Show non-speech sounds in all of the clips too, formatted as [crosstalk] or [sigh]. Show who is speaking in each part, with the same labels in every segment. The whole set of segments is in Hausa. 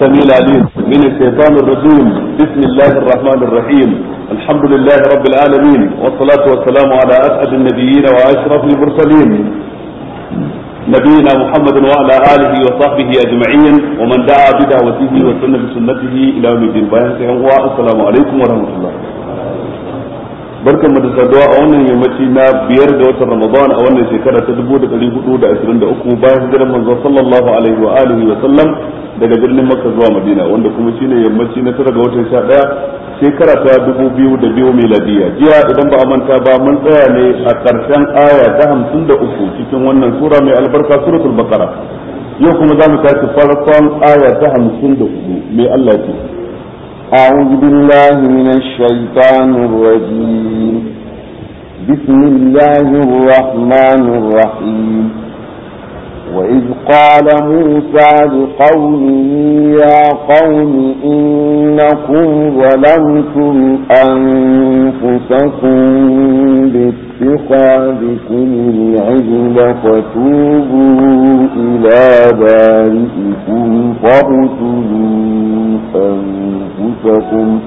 Speaker 1: السميع العليم من الشيطان الرجيم بسم الله الرحمن الرحيم الحمد لله رب العالمين والصلاة والسلام على أسعد النبيين وأشرف المرسلين نبينا محمد وعلى آله وصحبه أجمعين ومن دعا بدعوته وسن بسنته إلى يوم الدين السلام عليكم ورحمة الله barkan mu da saduwa a wannan yammaci na biyar ga watan ramadan a wannan shekara ta dubu da ɗari hudu da ashirin da uku bayan hijirar manzo sallallahu alaihi wa alihi wa sallam daga birnin makka zuwa madina wanda kuma shine yammaci na tara ga watan sha ɗaya shekara ta dubu biyu da biyu miladiya jiya idan ba a manta ba mun tsaya ne a ƙarshen aya ta hamsin da uku cikin wannan sura mai albarka suratul bakara yau kuma za mu tashi farkon aya ta hamsin da
Speaker 2: uku mai allah ce أعوذ بالله من الشیطان الرجیم بسم الله الرحمن الرحیم وإذ قال موسى لقومه يا قوم إنكم ظلمتم أنفسكم باتخاذكم العجل فتوبوا إلى بارئكم فاقتلوا أنفسكم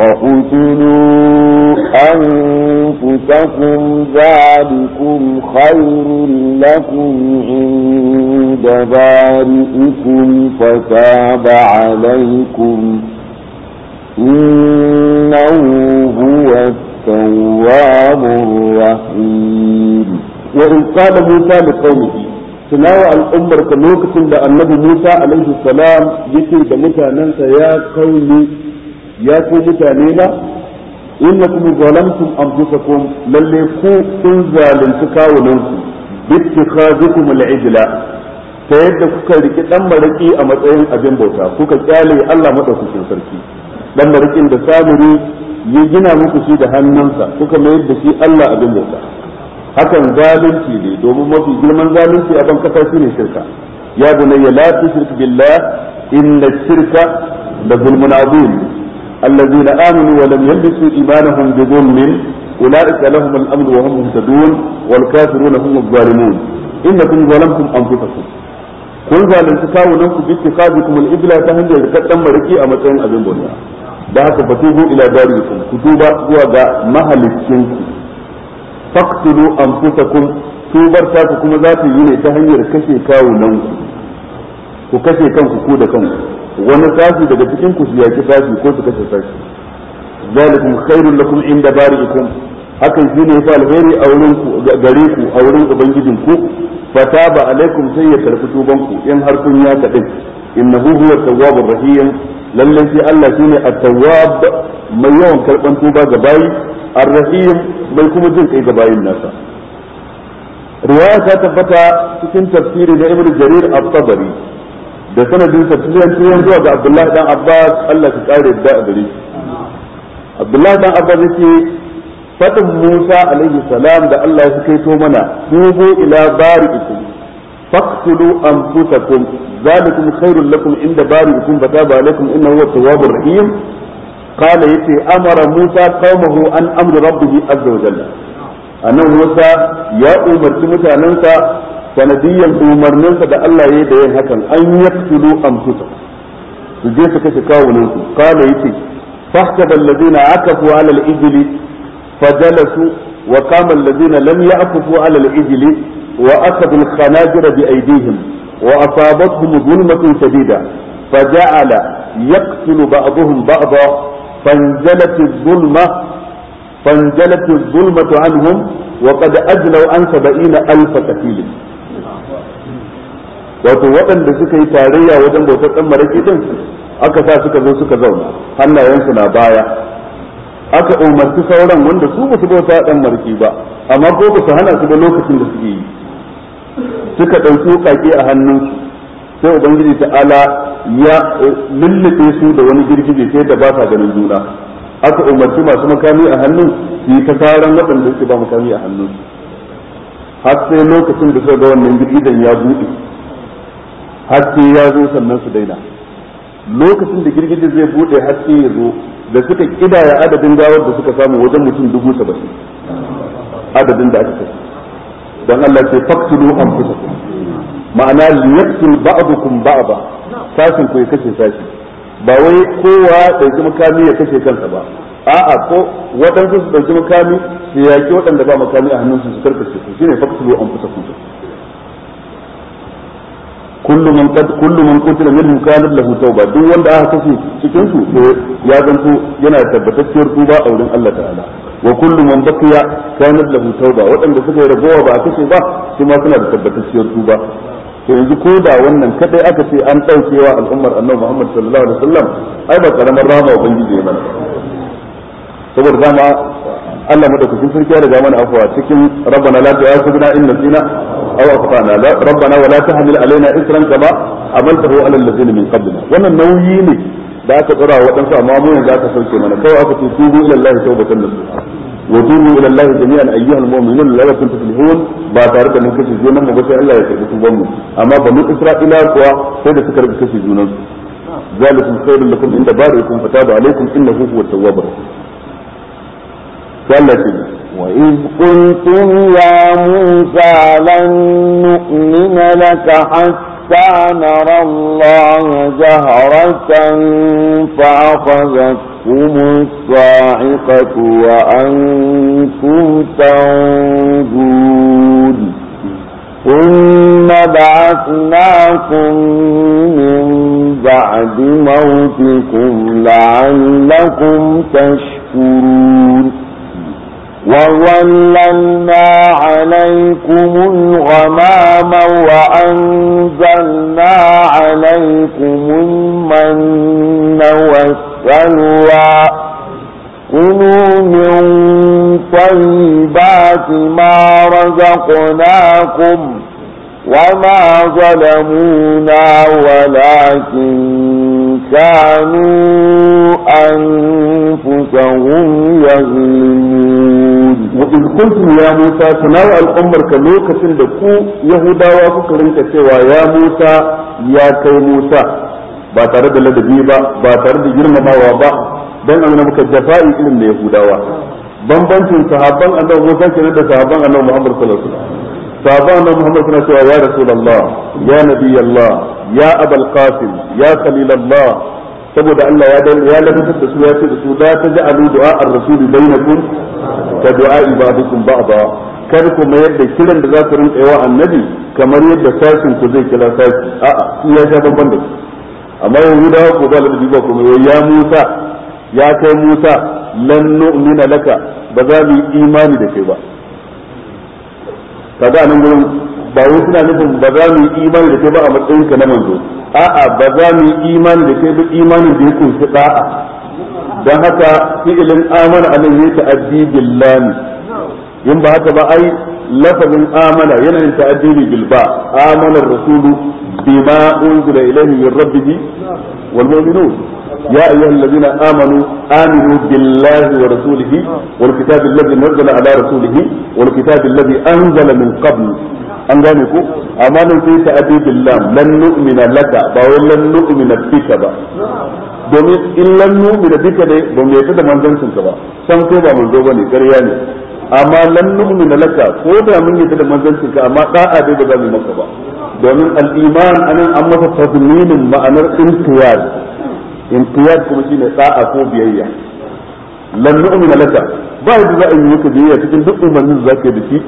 Speaker 2: فقتلوا أنفسكم ذلكم خير لكم عند بارئكم فتاب عليكم إنه هو التواب الرحيم وإن
Speaker 1: قال موسى لقومه tunawa الأمر كموكس lokacin da annabi Musa alaihi salam yake da mutanensa ya ya ce mutane na innakum zalamtum anfusakum lalle ku kun zalunci kawunanku bittikhazukum al ta yadda kuka riki dan maraki a matsayin abin bauta kuka kyale Allah madaukakin sarki dan marakin da samiri ya gina muku shi da hannunsa kuka mayar da shi Allah abin bauta hakan zalunci ne domin mafi girman zalunci a ban kasa shine shirka ya bunayya la tushrik billah inna shirka da zulmun azim الذين آمنوا ولم يلبسوا إيمانهم بظلم أولئك لهم الأمن وهم مهتدون والكافرون هم الظالمون إنكم ظلمتم أنفسكم kun zalunci kawunan ku bitti kazikum al-ibla ta hanyar kaddan mariki a matsayin abin gona da haka fatubu ila darikum ku tuba zuwa ga mahalicin ku faqtulu anfusakum ta ku kuma za ta yi ne ta hanyar kashe kawunan ku ku kashe kanku ku da kanku wani sashi daga cikin ku su yaki sashi ko su kashe sashi zalikum khairul lakum inda bari'ikum hakan shine yafi alheri a wurin ku gare ku a wurin ubangijin ku fataba alaikum sai ya karfi tuban ku in har kun ya kadin innahu huwa tawwabur rahim lallai sai Allah shine at-tawwab mai yawan karban tuba ga bayi ar-rahim mai kuma jin kai ga bayin nasa riwaya ta tabbata cikin tafsiri da Ibn Jarir at-Tabari da sanadin sa tuyan tuyan zuwa ga Abdullahi dan Abbas Allah ka kare da a gare Abdullahi dan Abbas yake fatan Musa alaihi salam da Allah ya kai to mana
Speaker 3: tubu ila bari'ikum
Speaker 1: faqtulu anfusakum zalikum khairul lakum inda bari'ikum fataba alaikum innahu huwa tawwabur rahim قال يتي أمر موسى قومه عن أمر ربه عز وجل أنه موسى يا أمر متى ننسى sanadiyan umarninsa da Allah ya da yin hakan an yaktulu amfusa su je su kashe kawunan su kala yace fahtada alladhina akafu ala al-ijli fajalasu wa kama alladhina lam ya'kufu ala al-ijli wa akhadhu al-khanajira bi aydihim wa asabathum dhulmatun shadida فجعل يقتل بعضهم بعضا فانزلت الظلمه فانجلت الظلمة عنهم وقد أجلوا عن سبعين ألف قتيل wato waɗanda suka yi tarayya wajen bautar ɗan maraƙi ɗin aka sa suka zo suka zauna hannayensu na baya aka umarci sauran wanda su ba su bauta ɗan maraƙi ba amma ko ba su hana su ba lokacin da suke yi suka ɗauki wuƙaƙe a hannunsu sai ubangiji ta'ala ya lullube su da wani girgije sai da ba sa ganin juna aka umarci masu makami a hannun su yi ta taron waɗanda suke ba makami a hannun su har sai lokacin da suka ga wannan gidan ya buɗe har sai ya zo sannan su daina lokacin da girgiji zai buɗe har sai ya zo da suka kidaya adadin gawar da suka samu wajen mutum dubu saba'in adadin da aka kai. dan Allah sai faktulu anfusakum ma'ana liyaqtul ba'dukum ba'da Sashen ku ya kashe sashen? ba wai kowa ɗauki makami ya kashe kansa ba a'a ko waɗansu su ɗauki makami su yaƙi waɗanda ba makami a hannunsu su karkace su shine faktulu an fusa kuntum kullu man qad kullu man qutila minhum kanat lahu tauba duk wanda aka kashe cikin su to ya zanto yana tabbatacciyar tuba a wurin Allah ta'ala wa kullu man baqiya kanat lahu tauba waɗanda suka yi ragowa ba a kashe ba shi ma suna da tabbatacciyar tuba to yanzu ko da wannan kadai aka ce an daukewa al'ummar annabi Muhammad sallallahu alaihi wasallam ai ba karamar rahama ubangiji ya mana saboda dama Allah madaukakin sarki ya riga mana afwa cikin rabbana la tu'akhidna in nasina aw akhtana rabbana wa la tahmil alaina isran kama amaltahu ala alladhina min qablina wannan nauyi ne da aka tsara waɗansu amma mu yanzu aka sauke mana kawai aka ce tubu ila Allah tawbatan nasuha وتوبوا الى الله جميعا ايها المؤمنون لا لكم تفلحون بعد ان كشف جنن مبا سي الله يكتبكم اما بنو اسرائيل كوا سيد سكر كشف جنن ذلكم خير لكم عند بارئكم فتاب عليكم انه هو التواب
Speaker 2: قال لكم وإذ قلتم يا موسى لن نؤمن لك حتى حتى نرى الله جهرة فأخذتكم الصاعقة وأنتم تنظرون ثم بعثناكم من بعد موتكم لعلكم تشكرون وظللنا عليكم الغمام وأنزلنا عليكم المن والسلوى كنوا من طيبات ما رزقناكم وما ظلمونا ولكن كانوا أنفسهم يظلمون وإذ قلت يا موسى تناوى الأمر كنوكة لكو
Speaker 1: يهودا وفكرين كسوى يا موسى يا كي موسى ba tare da ladabi ba ba tare da girmamawa ba dan an muka jafa'i irin da yahudawa bambancin sahabban annabi Musa kenan da sahabban annabi Muhammad sallallahu sabon annabi Muhammad suna cewa ya rasulullah ya nabi Allah ya abul qasim ya khalil Allah saboda Allah ya dan ya lafafar su ya ce da su da ta ji alu du'a ar-rasul bainakum ka du'a ibadukum ba'da kar ku mayar da kiran da za ku rinka yawa annabi kamar yadda sashin ku zai kira sashi a'a ya sha babban da amma yahudawa ko ba ladabi ba ko ya kai Musa lan nu'mina laka ba za mu yi imani da kai ba kaga nan gurin ba wai suna nufin ba za mu yi imani da kai ba a matsayin ka na manzo a'a ba za mu yi imani da kai ba imanin da yake kunshi da'a dan haka fi'ilin amana anan yake ta'addi billahi in ba haka ba ai lafazin amana yana yin ta'addini bil ba amana rasulu bima unzila ilayhi min rabbih wal mu'minun an gane ku amma nan sai ta lan nu'mina laka ba lan nu'mina bika ba domin in lan nu'mina bika dai ba mu da manzancin ka ba san ko ba manzo bane ƙarya ne amma lan nu'mina laka ko da mun yadda da manzancin ka amma da'a dai ba za mu maka ba domin al-iman anan an masa tadminin ma'anar intiyar intiyar kuma shine da'a ko biyayya lan nu'mina laka ba yadda za a yi maka biyayya cikin duk umarnin da zaka da shi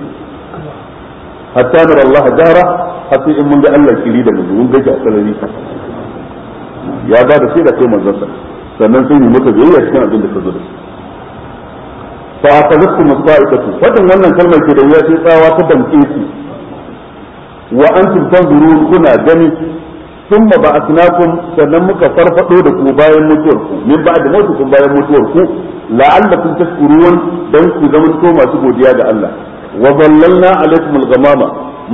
Speaker 1: hatta nar Allah jara hatta in mun ga Allah kiri da mu mun ga ka sarari ya ba da sai da kai manzansa sannan sai mu maka biyayya cikin abin da ka zo da shi fa akhadhatkum as-sa'iqatu wannan kalmar ke da wuya sai tsawa ta damke su wa antum tanzurun kuna gani ثم بعثناكم sannan muka farfado da ku bayan mutuwar ku min ba'da kun bayan mutuwar ku la'allakum tashkurun dan ku zama to masu godiya ga Allah wa zallalna alaikum al-ghamama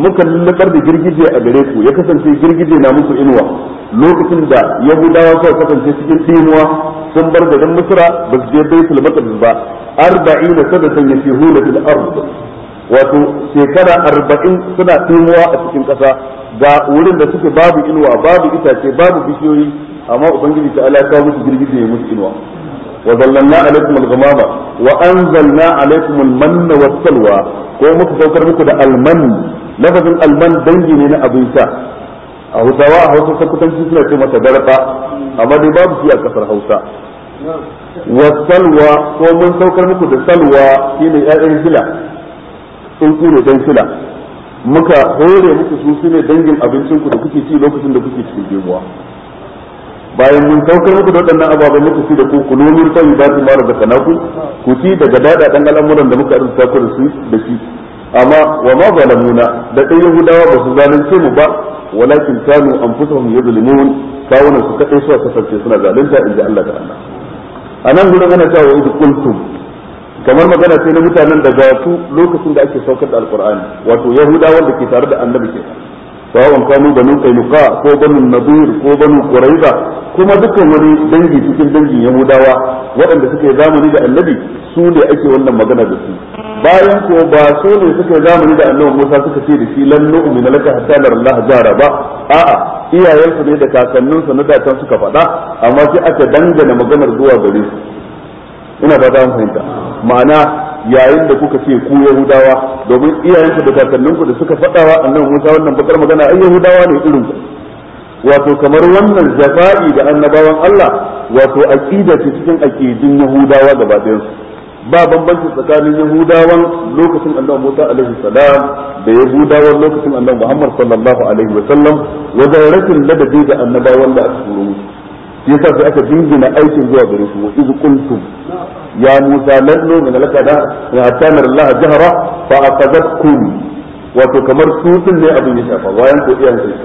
Speaker 1: muka lullukar da girgije a gare ku ya kasance girgije na muku inuwa lokacin da ya yahudawa suka kasance cikin dimuwa sun bar garin misra ba su je baitul maqdis ba arba'ina sadatan yasihuna fil ard wato shekara arba'in suna tsimuwa a cikin ƙasa ga wurin da suke babu inuwa babu itace babu bishiyoyi amma ubangiji ta alaka musu girgije ya musu inuwa anzalna alaikum al-manna wa salwa ko muka saukar muku da المن لفظ المن دنجي ne na إسحاق a hutawa a hausa sakutanci suna ce mata garba amma dai babu shi a kasar Hausa wasalwa ko mun saukar muku da salwa shine ƴaƴan fila sun kure dan fila muka hore muku su shine dangin abincin ku da kuke ci lokacin da kuke cikin jemuwa bayan mun saukar muku da waɗannan ababen muku ci da ku ku nomin sai ba su mara daga naku ku ci daga dada dan al'amuran da muka arzuta ku da su da shi amma wa ma zalamuna da dai yahudawa ba su zalunce mu ba walakin kanu anfusahum yuzlimun kawunan su kadai suka kasance suna zalunta inda Allah ta'ala anan gurin ana cewa idh qultum kamar magana sai na mutanen da za lokacin da ake saukar da alqur'ani wato yahudawan da ke tare da annabi kenan sawon kanu banu kainuka ko banu nadir ko banu quraiza kuma dukkan wani dangi cikin dangin yahudawa waɗanda suke zamani da annabi su ne ake wannan magana da su bayan ko ba su ne suke zamani da annabi Musa suka ce da shi lan nu'minu laka hatta nar Allah jara ba a'a iyayensu ne da kakanninsu na da kan suka faɗa amma sai aka dangana maganar zuwa gare su ina ba za fahimta ma'ana yayin da kuka ce ku yahudawa domin iyayenku da kakanninku da suka faɗawa annabi Musa wannan bakar magana ai yahudawa ne irin ku wato kamar wannan jafa'i da annabawan Allah wato aqida ce cikin aqidin yahudawa gaba ɗayan su ba bambanci tsakanin yahudawan lokacin annabi Musa alaihi salam da yahudawan lokacin annabi Muhammad sallallahu alaihi wa sallam wajen rashin ladabi da annabawan da aka turo musu yasa sai aka dingina aikin zuwa gare su wa iz ya Musa lan nu'mina laka da hatta nara Allah jahra fa aqadhatkum wato kamar tutsin ne abin ya shafa bayan ko iyayen sai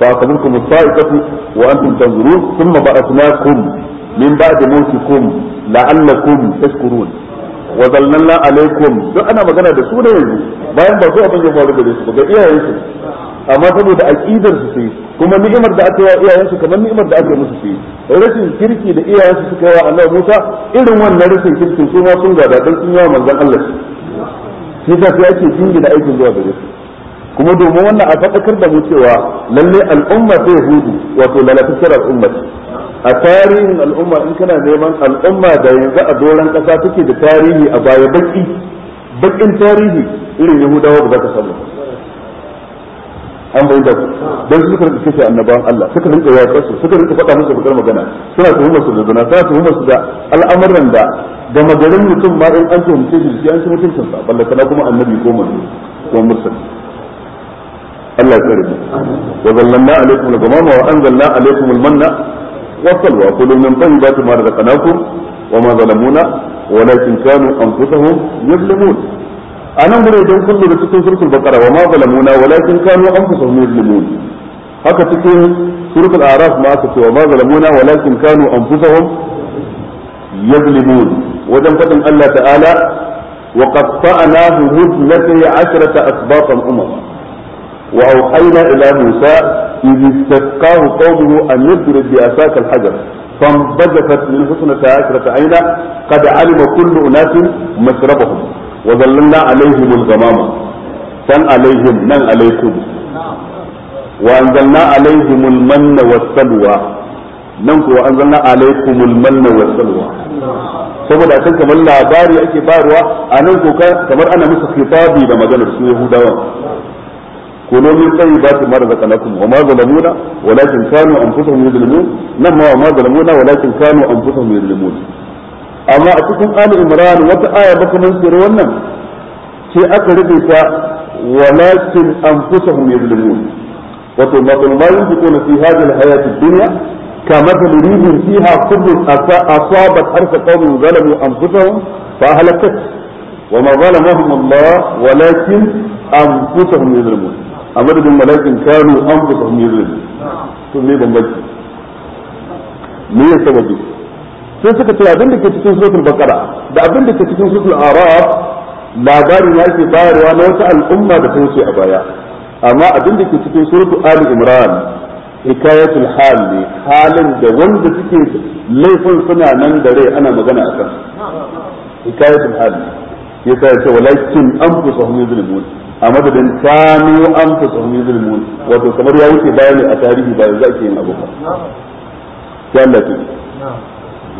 Speaker 1: fa aqadhatkum as-sa'iqatu wa antum tanzurun thumma ba'athnakum min ba'di mawtikum la'allakum tashkurun wa zallalna alaikum duk ana magana da su yanzu bayan ba su abin ya faru ba amma saboda aqidar su sai kuma ni'imar da aka yi wa iyayensu kamar ni'imar da aka yi musu sai rashin kirki da iyayensu suka yi wa Annabi Musa irin wannan rashin kirkin su ma sun gada dan sun yi manzon Allah sai da sai ake jingina aikin zuwa gare su kuma domin wannan a faɗakar da mu cewa lalle al'umma ta yahudu wato lalatattar al'umma a tarihin al'umma in kana neman al'umma da yanzu a doron ƙasa take da tarihi a baya baki bakin tarihi irin yahudawa ba za ka samu ba an bai da
Speaker 3: dan
Speaker 1: su suka rinka kashe annabawan Allah suka rinka yaƙar su suka rinka faɗa musu bakar magana suna tuhumar su da zina suna tuhumar su da al'amuran da ga magarin mutum ma in an tuhumce shi sai an ci mutuncin sa balla kana kuma annabi ko manzo ko mursal Allah ya kare mu wa zallanna alaikum al-ghamama wa anzalna alaikum al-manna wa salwa kullu min tayyibati ma razaqnakum wa ma zalamuna walakin kanu anfusahum yuzlimun anan gure idan kun lura cikin surkul bakara wa ma zalamuna walakin kanu anfusahum yuzlimun haka cikin surkul araf ma aka ce wa ma zalamuna walakin kanu anfusahum yuzlimun wajen fadin Allah ta'ala wa qatta'nahu mudnatay 'ashrata asbatan umar wa awhayna ila musa إذ استسقاه قومه أن يضرب بعصاك الحجر فانبجست من حسنة عشرة عينا قد علم كل أناس مشربهم wa zallanna alaihim al-ghamama san alaihim nan alaikum wa anzalna alaihim al-manna was-salwa nan wa anzalna alaikum manna was saboda kan kamar labari ake faruwa a nan ko kamar ana musu kitabi da magana su yahudawa كلوا من طيبات ما رزقناكم وما ظلمونا ولكن كانوا انفسهم يظلمون نما ma zalamuna walakin kanu انفسهم yuzlimun amma a cikin ali imran wata aya ba kuma yake wannan sai aka rufe ta walakin anfusahum yuzlimun wato matul ma yunfiquna fi hadhihi alhayati ad-dunya كمثل ريح فيها صب أصابت حرث قوم ظلموا أنفسهم فأهلكت وما ظلمهم الله ولكن أنفسهم يظلمون أما بدهم ولكن كانوا أنفسهم يظلمون ثم يبقى مية سببين sai suka ce abin da ke cikin suratul baqara da abin da ke cikin suratul araf labarin ya ke bayarwa na wata al'umma da ta wuce a baya amma abin da ke cikin suratul ali imran hikayatul hal ne halin da wanda suke laifin suna nan da rai ana magana akan hikayatul hal ne ya ce walakin anfusahum yuzlimun a madadin kanu anfusahum yuzlimun wato kamar ya wuce bayani a tarihi ba yanzu ake yin abu ba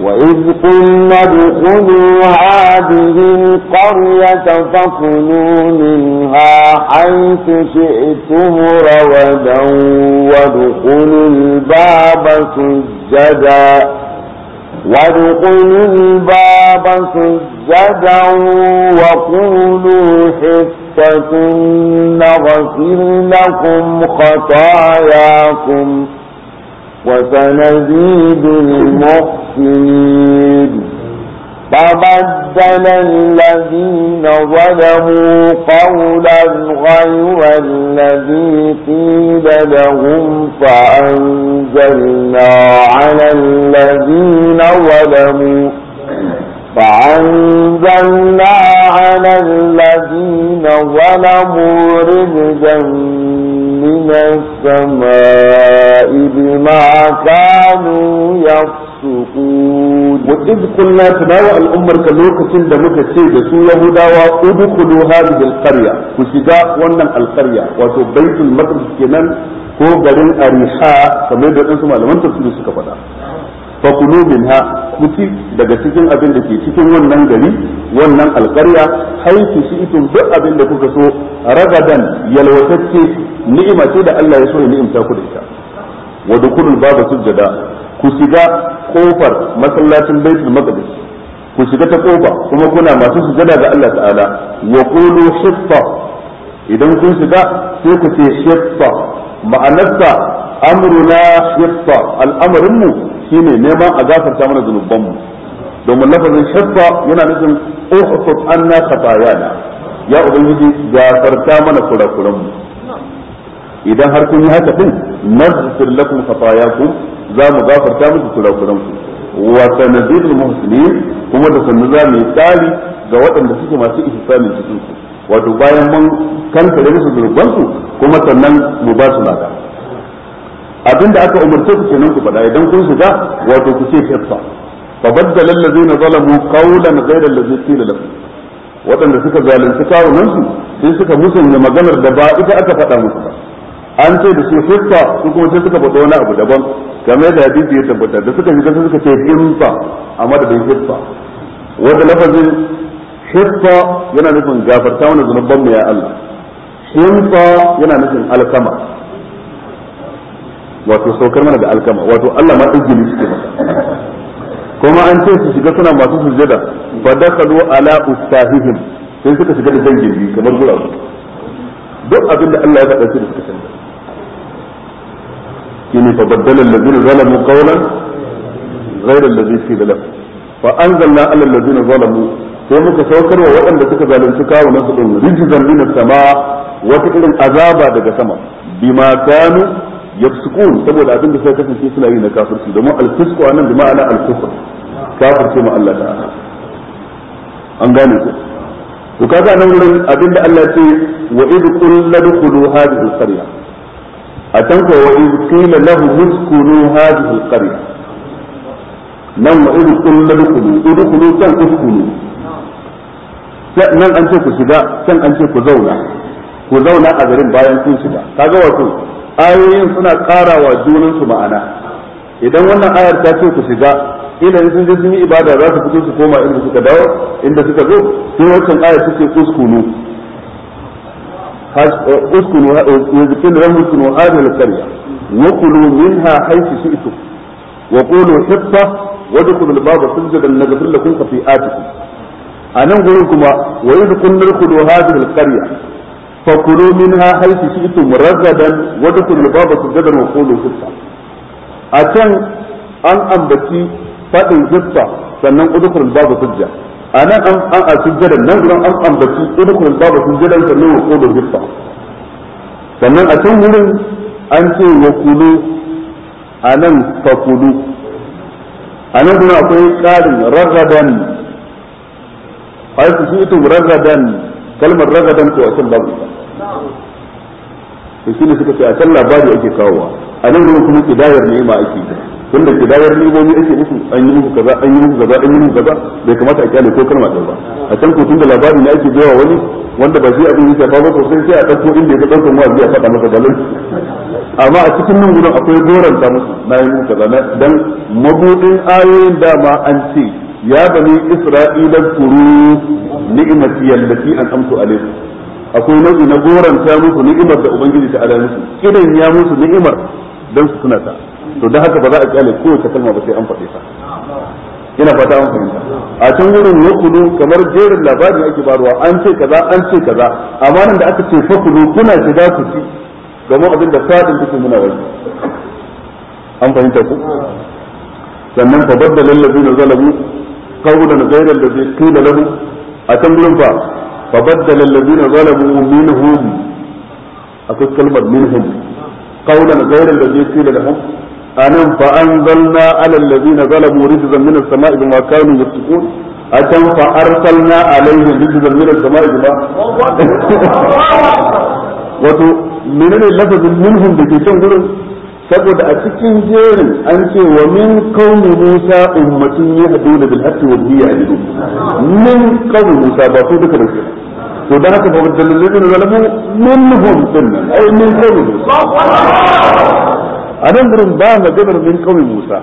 Speaker 2: وإذ قلنا ادخلوا هذه القرية فكلوا منها حيث شئتم رودا وادخلوا الباب سجدا وادخلوا الباب سجدا وقولوا حصة نغفر لكم خطاياكم وسنزيد المحسنين فبدل الذين ظلموا قولا غير الذي قيل لهم فأنزلنا على الذين ظلموا فأنزلنا على الذين ظلموا رجزا من السماء بما كانوا يفسقون وإذ قلنا تناوى الأمر كذلك لمك
Speaker 1: السيد سوى يهودا ادخلوا هذه القرية وشجاء ونن القرية وتو بيت المقدس كنان هو garin ariha kamar da ɗansu لمن tafsiri suka faɗa منها minha kuti daga cikin abin da ke cikin wannan gari wannan alƙarya haitu shi itin duk abin da kuka so ragadan yalwatacce ni'ima ce da Allah ya so ya ni'imta ku da ita wa dukulul baba sujjada ku shiga kofar masallacin baitul maqdis ku shiga ta kofa kuma kuna masu sujada ga Allah ta'ala wa qulu hifa idan kun shiga sai ku ce hifa ma'anarsa amruna hifa al'amarin mu shine neman a gafarta mana zunuban mu domin lafazin hifa yana nufin uhfat anna khatayana ya ubangiji gafarta mana kurakuran mu idan har kun yi haka din naghfir lakum khatayakum za mu gafarta muku kurakuran ku wa sanadil muslimin kuma da sanu za mu yi tsari ga waɗanda suke masu ihsani cikin ku wato bayan mun kankare musu zurban su kuma sannan mu ba su lada abinda aka umarce ku kenan ku bada idan kun shiga wato ku ce kafa فبدل الذين ظلموا قولا غير الذي قيل لهم waɗanda suka zalunci kawunansu sai suka musanya maganar da ba ita aka faɗa musu ba an ce da su hiffa su kuma sai suka faɗo wani abu daban game da hadisi ya tabbata da suka shiga suka ce himfa a madadin himfa wanda lafazin himfa yana nufin gafarta wani zunuban mai ya Allah himfa yana nufin alkama wato saukar mana da alkama wato Allah ma ɗin suke masa kuma an ce su shiga suna masu sujjada da kalu ala ustahihim sai suka shiga da dangin kamar gurabu duk abinda Allah ya faɗa su da suka canza shine fa baddala allazina zalamu qawlan ghayra allazi qila lahu fa anzalna ala allazina zalamu sai muka wa waɗanda suka zalunci kawunan su din rijzan min sama wata irin azaba daga sama bima kanu yafsukun saboda abin da sai kasance suna yi na kafirci domin al-fisqu anan bi ma'ana al-kufr kafirce ma Allah ta'ala an gane ku to kaga nan gurin abin da Allah ce wa id qul ladkhulu hadhihi al-qarya a can ko wa iz qila lahu uskunu hadhihi alqarya nan wa iz qila dukulu udkhulu kan uskunu nan an ce ku shiga can an ce ku zauna ku zauna a garin bayan shiga kaga wato ayoyin suna ma'ana idan wannan ayar ta ce ku shiga idan sun je sun yi ibada za su fito su koma inda suka dawo inda suka zo sai wancan ayar take kunu. uskunu yuzkin baba sujadan naghfir lakum khati'atikum anan kuma wa yuzkun nadkhulu baba sujadan wa a can an ambaci sannan a nan an an a sujjadan nan gurin an ambaci idkhul baba sujjadan sannan wa da bifa sannan a can wurin an ce wa kulu a nan kulu a nan akwai ƙarin ragadan ai su ita ragadan kalmar ragadan ko a can babu to shine suka ce a labari ake a nan tunda dawar ni'imomi ake musu an yi musu kaza an yi musu kaza an yi musu kaza bai kamata a kyale ko kalma ɗaya ba a can ko tunda labari ne ake bawa wani wanda ba shi abin yake ba ko sai sai a ɗauko inda ya ɗaukan wa a faɗa masa dalil amma a cikin nan gudun akwai goranta musu na yi musu kaza dan mabudin ayoyin dama an ce ya bani isra'ila kuru ni'imati allati an amsu alaikum akwai nau'i na goranta musu ni'imar da ubangiji ta ala musu idan ya musu ni'imar dan su suna ta to don haka ba za a kyale kowace kalma ba sai an faɗe ta
Speaker 3: ina fata an fahimta a
Speaker 1: can wurin kulu kamar jerin labarin ake baruwa an ce kaza an ce kaza amma nan da aka ce kulu kuna shiga ku ci domin abin da fadin kuke muna wani an fahimta ku sannan fa baddala da zalamu qawlan ghayra allazi qila lahum a can gurin fa fa baddala na zalabu minhum akwai kalmar minhum qawlan ghayra allazi qila lahum anan fa anzalna ala alladhina zalamu rijzan min as-sama'i bima kanu yasqun atan fa arsalna alaihim rijzan min as-sama'i bima [laughs] wato menene lafazin minhum da ke can gurin saboda a cikin jerin an ce wa min qaumi musa ummatun yahduna bil haqqi wa bihi yahdun min qaumi musa ba su duka da su to da haka fa dalilin zalamu minhum sunna ay min qaumi musa أنمر بان جبر من قوم موسى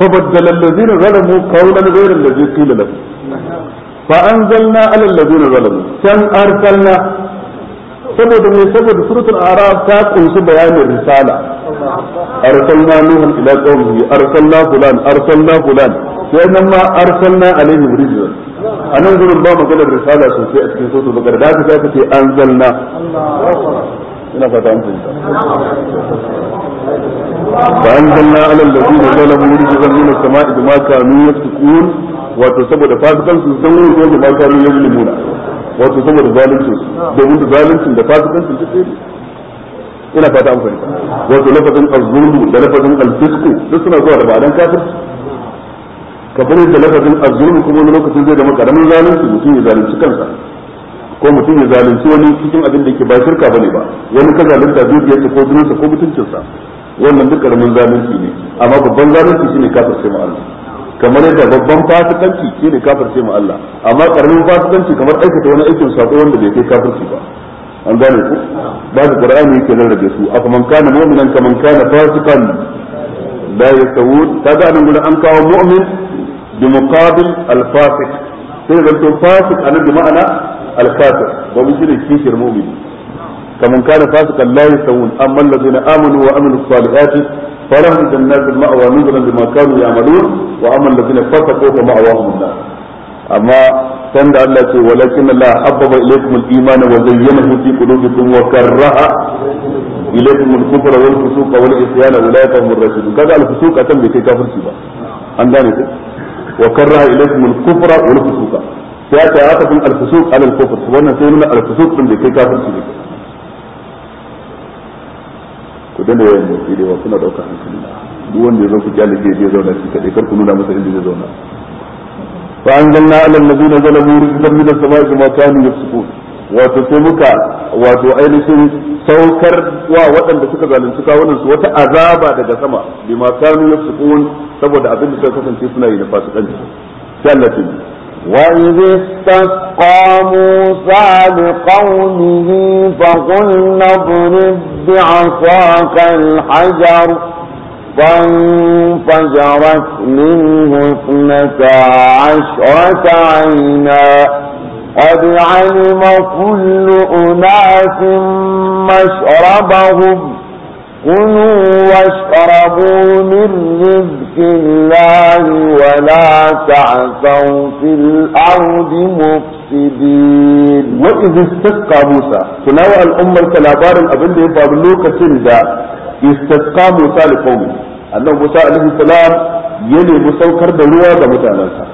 Speaker 1: فبدل الذين ظلموا قولا غير الذي قيل لهم فأنزلنا على الذين ظلموا كم أرسلنا سبب من سبب سورة الأعراف تاكل بيان الرسالة أرسلنا نوحا إلى قومه أرسلنا فلان أرسلنا فلان وإنما أرسلنا عليه رجلا أنا أنزل الله مقال الرسالة سوسيئة في سورة البقرة لا تتاكد أنزلنا
Speaker 3: الله أكبر
Speaker 1: أنا فتعمل فأنزلنا على الذين ظلموا رجزا من السماء بما كانوا يفسقون wato saboda fasikansu sun yi ko ba ka yin limuna wato saboda zalunci domin da zalunci da fasikansu duk ne ina fata an fahimta wato lafazin az-zulmu da lafazin al-fisqu duk suna zuwa da ba'dan kafirci kamar da lafazin az-zulmu kuma wani lokacin zai zama karamin zalunci mutum ya zalunci kansa ko mutum ya zalunci wani cikin abin da yake ba shirka bane ba wani ka zalunta dukiyarsa ko jininsa ko mutuncinsa wannan duk karamin zalunci ne amma babban zalunci shine kafirce ma Allah kamar yadda babban fasikanci shine kafirce ma Allah amma karamin fasikanci kamar aikata wani aikin sako wanda bai kai kafirci ba an gane ku ba da qur'ani yake rarrabe su afa man kana mu'minan kaman kana fasikan la yasawun kaga nan gurin an kawo mu'min bi muqabil al-fasik sai da to fasik anan bi ma'ana al-kafir ba mu shine kishir mu'min كمن كان فاسقا لا يستوون اما الذين امنوا وعملوا الصالحات فلهم جنات المأوى نزلا بما كانوا يعملون واما الذين فسقوا فمأواهم النار اما سند الله ولكن الله حبب اليكم الايمان وزينه في قلوبكم وكره اليكم الكفر والفسوق والعصيان اولئك هم الراشدون كذا الفسوق اتم بكي كافر سيبا ذلك إيه؟ وكره اليكم الكفر والفسوق سياتي عاطف الفسوق على الكفر وانا سيمنا الفسوق من بكي كافر سيبا ku dana yawan motsi da suna ɗaukar hankali duk wanda ya zo ku kyale ke zai zauna shi kaɗai kar ku nuna masa inda zai zauna fa anzalna ala alladhina zalamu rizqan min as-sama'i bima kanu yafsukun wato sai muka wato ainihin saukar wa waɗanda suka zalunci kawunan su wata azaba daga sama bima kanu yafsukun saboda
Speaker 2: abin da suka kasance suna yi da fasikanci sai Allah ya وإذ استسقى موسى لقومه فقلنا اضرب بعصاك الحجر فانفجرت منه اثنتا عشرة عينا قد علم كل أناس مشربهم كلوا واشربوا من رزق الله ولا تعثوا في الأرض مفسدين وإذ استقى موسى تنوى الأمة كالعبار الأبن دي بابلوك
Speaker 1: سندا استسقى موسى لقومه أنه موسى عليه السلام يلي مستوكر دلوا دا متعنسا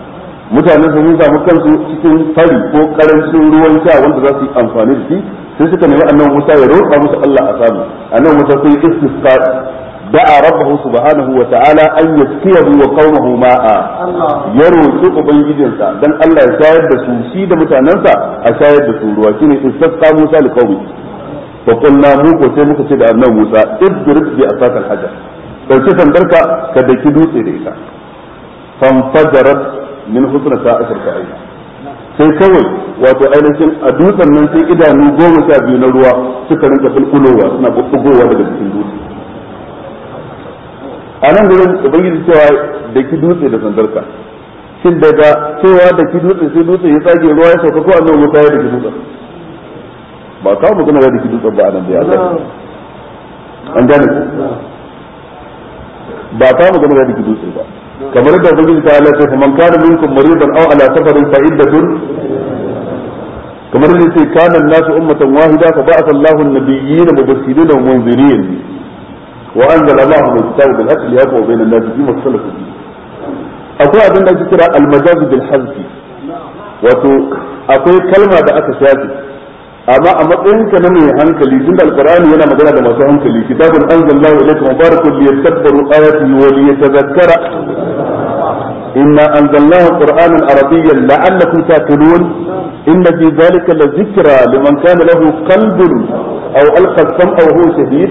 Speaker 1: mutanen sun samu kansu cikin fari ko karancin ruwan sha wanda za su yi amfani da shi sai suka nemi annabi Musa ya roƙa musu Allah a samu annabi Musa sai istisqa da'a rabbahu subhanahu wa ta'ala an yaskiyahu wa qaumahu ma'a ya roƙi ubangijinsa dan Allah ya shayar da su shi da mutanansa a shayar da su ruwa shine istisqa Musa li qaumi fa qulna mu ko sai muka ce da annabi Musa idrib bi asakal hajar dauki sandarka ka daki dutse da ita fanfajarat min husna sa'atir ka'ina sai kawai wato ainihin a dutsen nan sai idanu goma sha biyu na ruwa suka rinka bulkulowa suna bubbugowa daga cikin dutse a nan gudun ubangiji cewa da ki dutse da sandarka shin daga cewa da ki dutse sai dutse ya tsage ruwa ya sauka ko nan Musa ya da ki dutse ba ka magana da ki dutse ba a nan da ya an gane ba ka magana da ki dutse ba kamar da ubangiji ta Allah ko man kana minkum maridan aw ala safarin fa iddatun kamar da sai kana nasu ummatan wahida fa ba'atha Allahu an-nabiyyina mubashirin wa munzirin wa anzala Allahu al-kitaba bil haqqi liyahkuma bayna an-nasi fima ikhtalafu fihi akwai abin da ake kira al-majaz bil hazfi wato akwai kalma da aka shafi amma a ka na mai hankali tunda alqur'ani yana magana da masu hankali kitabun anzalallahu ilayka mubarakun liyadabbaru ayatihi wa liyatadhakkara إنا أنزلناه قرآنا عربيا لعلكم تأكلون إن في ذلك لذكرى لمن كان له قلب أو ألقى السمع وهو شهيد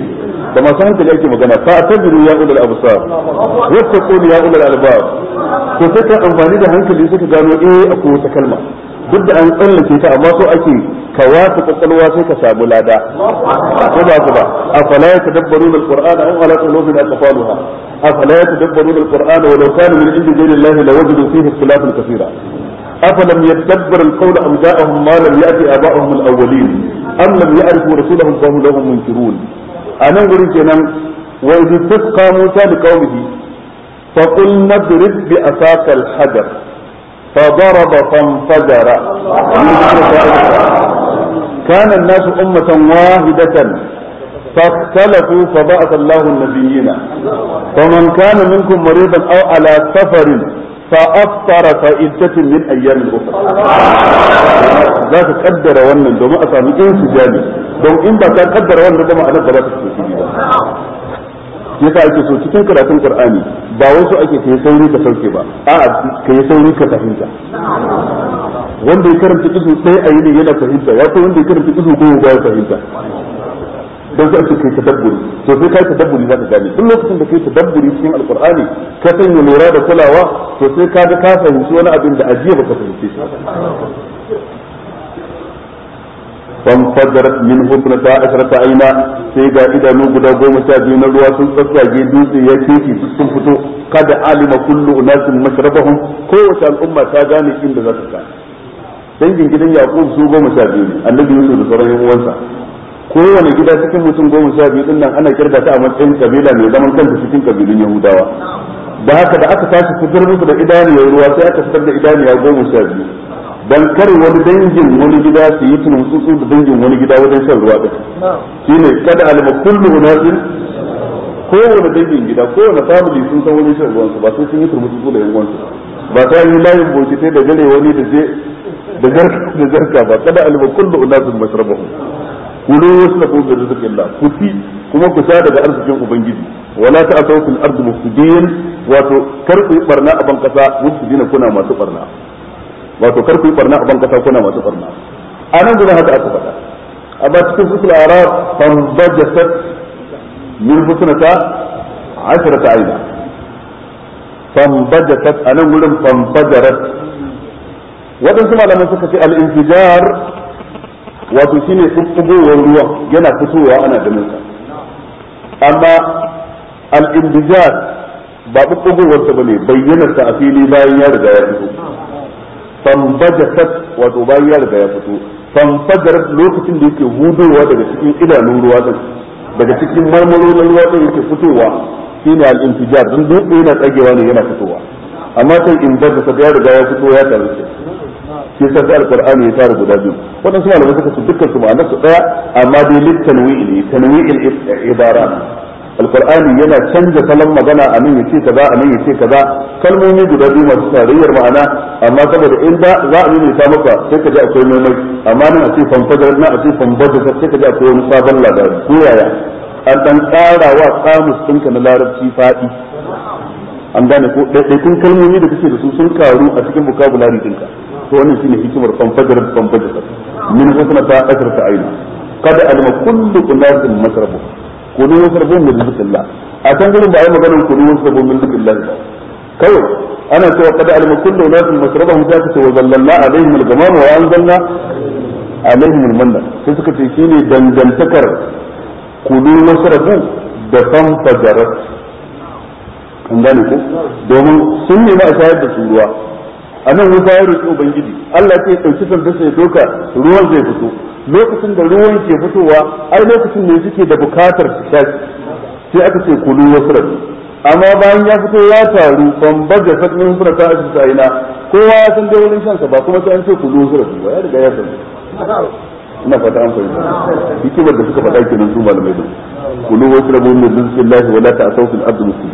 Speaker 1: كما سمعت الأيتي مجانا فاعتبروا يا أولي الأبصار واتقوا يا أولي الألباب ko sai ka amfani da hankali sai ka gano eh duk da an tsallake ta amma so ake ka wasu kwakwalwa sai ka samu lada
Speaker 3: ko
Speaker 1: ba ku ba a afala ya tadabbaru da qur'ana an ala qulubin a afala ya tadabbaru da qur'ana wa law kana min inda indi la wajidu fihi ikhtilafan kathira أفلم يدبر القول أم جاءهم ما لم يأت آباؤهم الأولين أم لم يعرفوا رسولهم فهم لهم منكرون أنا أقول كنا وإذ استسقى موسى لقومه فقل نضرب بأساك الحجر فضرب فانفجر كان الناس أمة واحدة فاختلفوا فبعث الله النبيين فمن كان منكم مريضا أو على سفر فأفطر فائدة من أيام الأخرى لا تقدر kaddara wannan domin a sami insijami don in ba ka kaddara wannan yasa ake so cikin karatun qur'ani ba wasu ake kai sauri ka sauke ba
Speaker 2: a'a
Speaker 3: kai sauri
Speaker 1: ka fahimta wanda ya karanta izu sai a yi ne yana fahimta ya ko wanda ya karanta izu goma ba ya fahimta dan su ake kai tadabburi to sai kai tadabburi za ka gane duk lokacin da kai tadabburi cikin alqur'ani ka sanya lura da kulawa to sai ka ga ka fahimci wani abin da ajiya baka fahimce shi فانفجرت منه اثنتا عشرة عينا سيدا إذا نوجد قوم شاجين الروا سنسكا جيدوس يكيكي سنفتو قد علم كل أناس مشربهم قوة الأمة تاجاني إن ذاتك dangin gidan yaqub su goma sha biyu ne annabi yusuf da sauran uwansa kowane gida cikin mutum goma sha biyu din nan ana kirga ta a matsayin kabila mai zaman kanta cikin kabilun yahudawa da haka da aka tashi fitar musu da idaniyar ruwa sai aka fitar da idaniya goma sha biyu dan kar wani dangin wani gida su yi tunan su da dangin wani gida wajen shan ruwa din shine kada alima kullu unasin wani dangin gida wani family sun san wani shan su ba sai sun yi su da yan su ba ta yi layin bokitai da gare wani da je da garka ba kada alima kullu unasin mashrabahum kulu wasnafu bi rizqillah kuti kuma ku sa daga arzikin ubangiji wala ta'tawkul ardu mufsidin wato kar ku barna a ban kasa mufsidin kuna masu barna wato kar ku yi barna a ban kasa kuna masu barna a nan gudun haka aka faɗa amma cikin fusul arab fanbajasat min husnata ashrata aina fanbajasat a nan gudun fanbajarat waɗansu malaman suka ce al-infijar wato shine tsubbugowar ruwan yana fitowa ana ganin sa amma al-infijar ba tsubbugowar sa bane bayyanar a fili bayan ya riga ya fito fanfajasat wato bayan ya riga ya fito fanfajarat lokacin da yake hudowa daga cikin idanun ruwa din daga cikin marmaro na ruwa din yake fitowa shine al-infijar dan dutse yana tsagewa ne yana fitowa amma sai in da sa ya riga ya fito ya taru shi shi sai alqur'ani ya tara guda biyu wadansu malamai suka ce dukkan su ma'anar su daya amma dai lit tanwi'il ibara alqur'ani yana canza salon magana a nan yace kaza a nan yace kaza kalmomi guda biyu masu tarayyar ma'ana amma saboda in da za a nuna ta maka sai kaje a akwai mai amma nan a ce fanfadar na a ce fanfadar sai kaje a akwai wani sabon labari ko yaya an dan tsara wa kamus ɗinka na larabci fadi an gane ko ɗaiɗaikun kalmomi da kake da su sun karu a cikin vocabulary ɗinka to wannan shine hikimar fanfajar fanfajar min husna ta asar ta aina kada alma kullu qullatin masrabu kulu wasrabu min rizqillah a can gurin ba yi maganar kulu wasrabu min rizqillah ba kawai ana cewa kada alma kullu nasin masrabahum ta ta wa zallalna alaihim al-ghamam wa anzalna alaihim al-manna sai suka ce shine dangantakar kulu wasrabu da fanfajarat an gane ko domin sun nemi a shayar da su ruwa anan wuta ya roki ubangiji Allah ya dauki sanda sai doka ruwan zai fito lokacin da ruwan ke fitowa ai lokacin ne suke da bukatar su tashi sai aka ce kulu wasrat amma bayan ya fito ya taru ban baje sakin sura ta ashi sa'ina kowa ya san dai wurin shansa ba kuma sai an ce kulu wasrat ba ya riga ya san ina fata an fahimta hikimar da suka faɗa kenan su malamai su kulu wasu rabu mai zuci a saukin abin su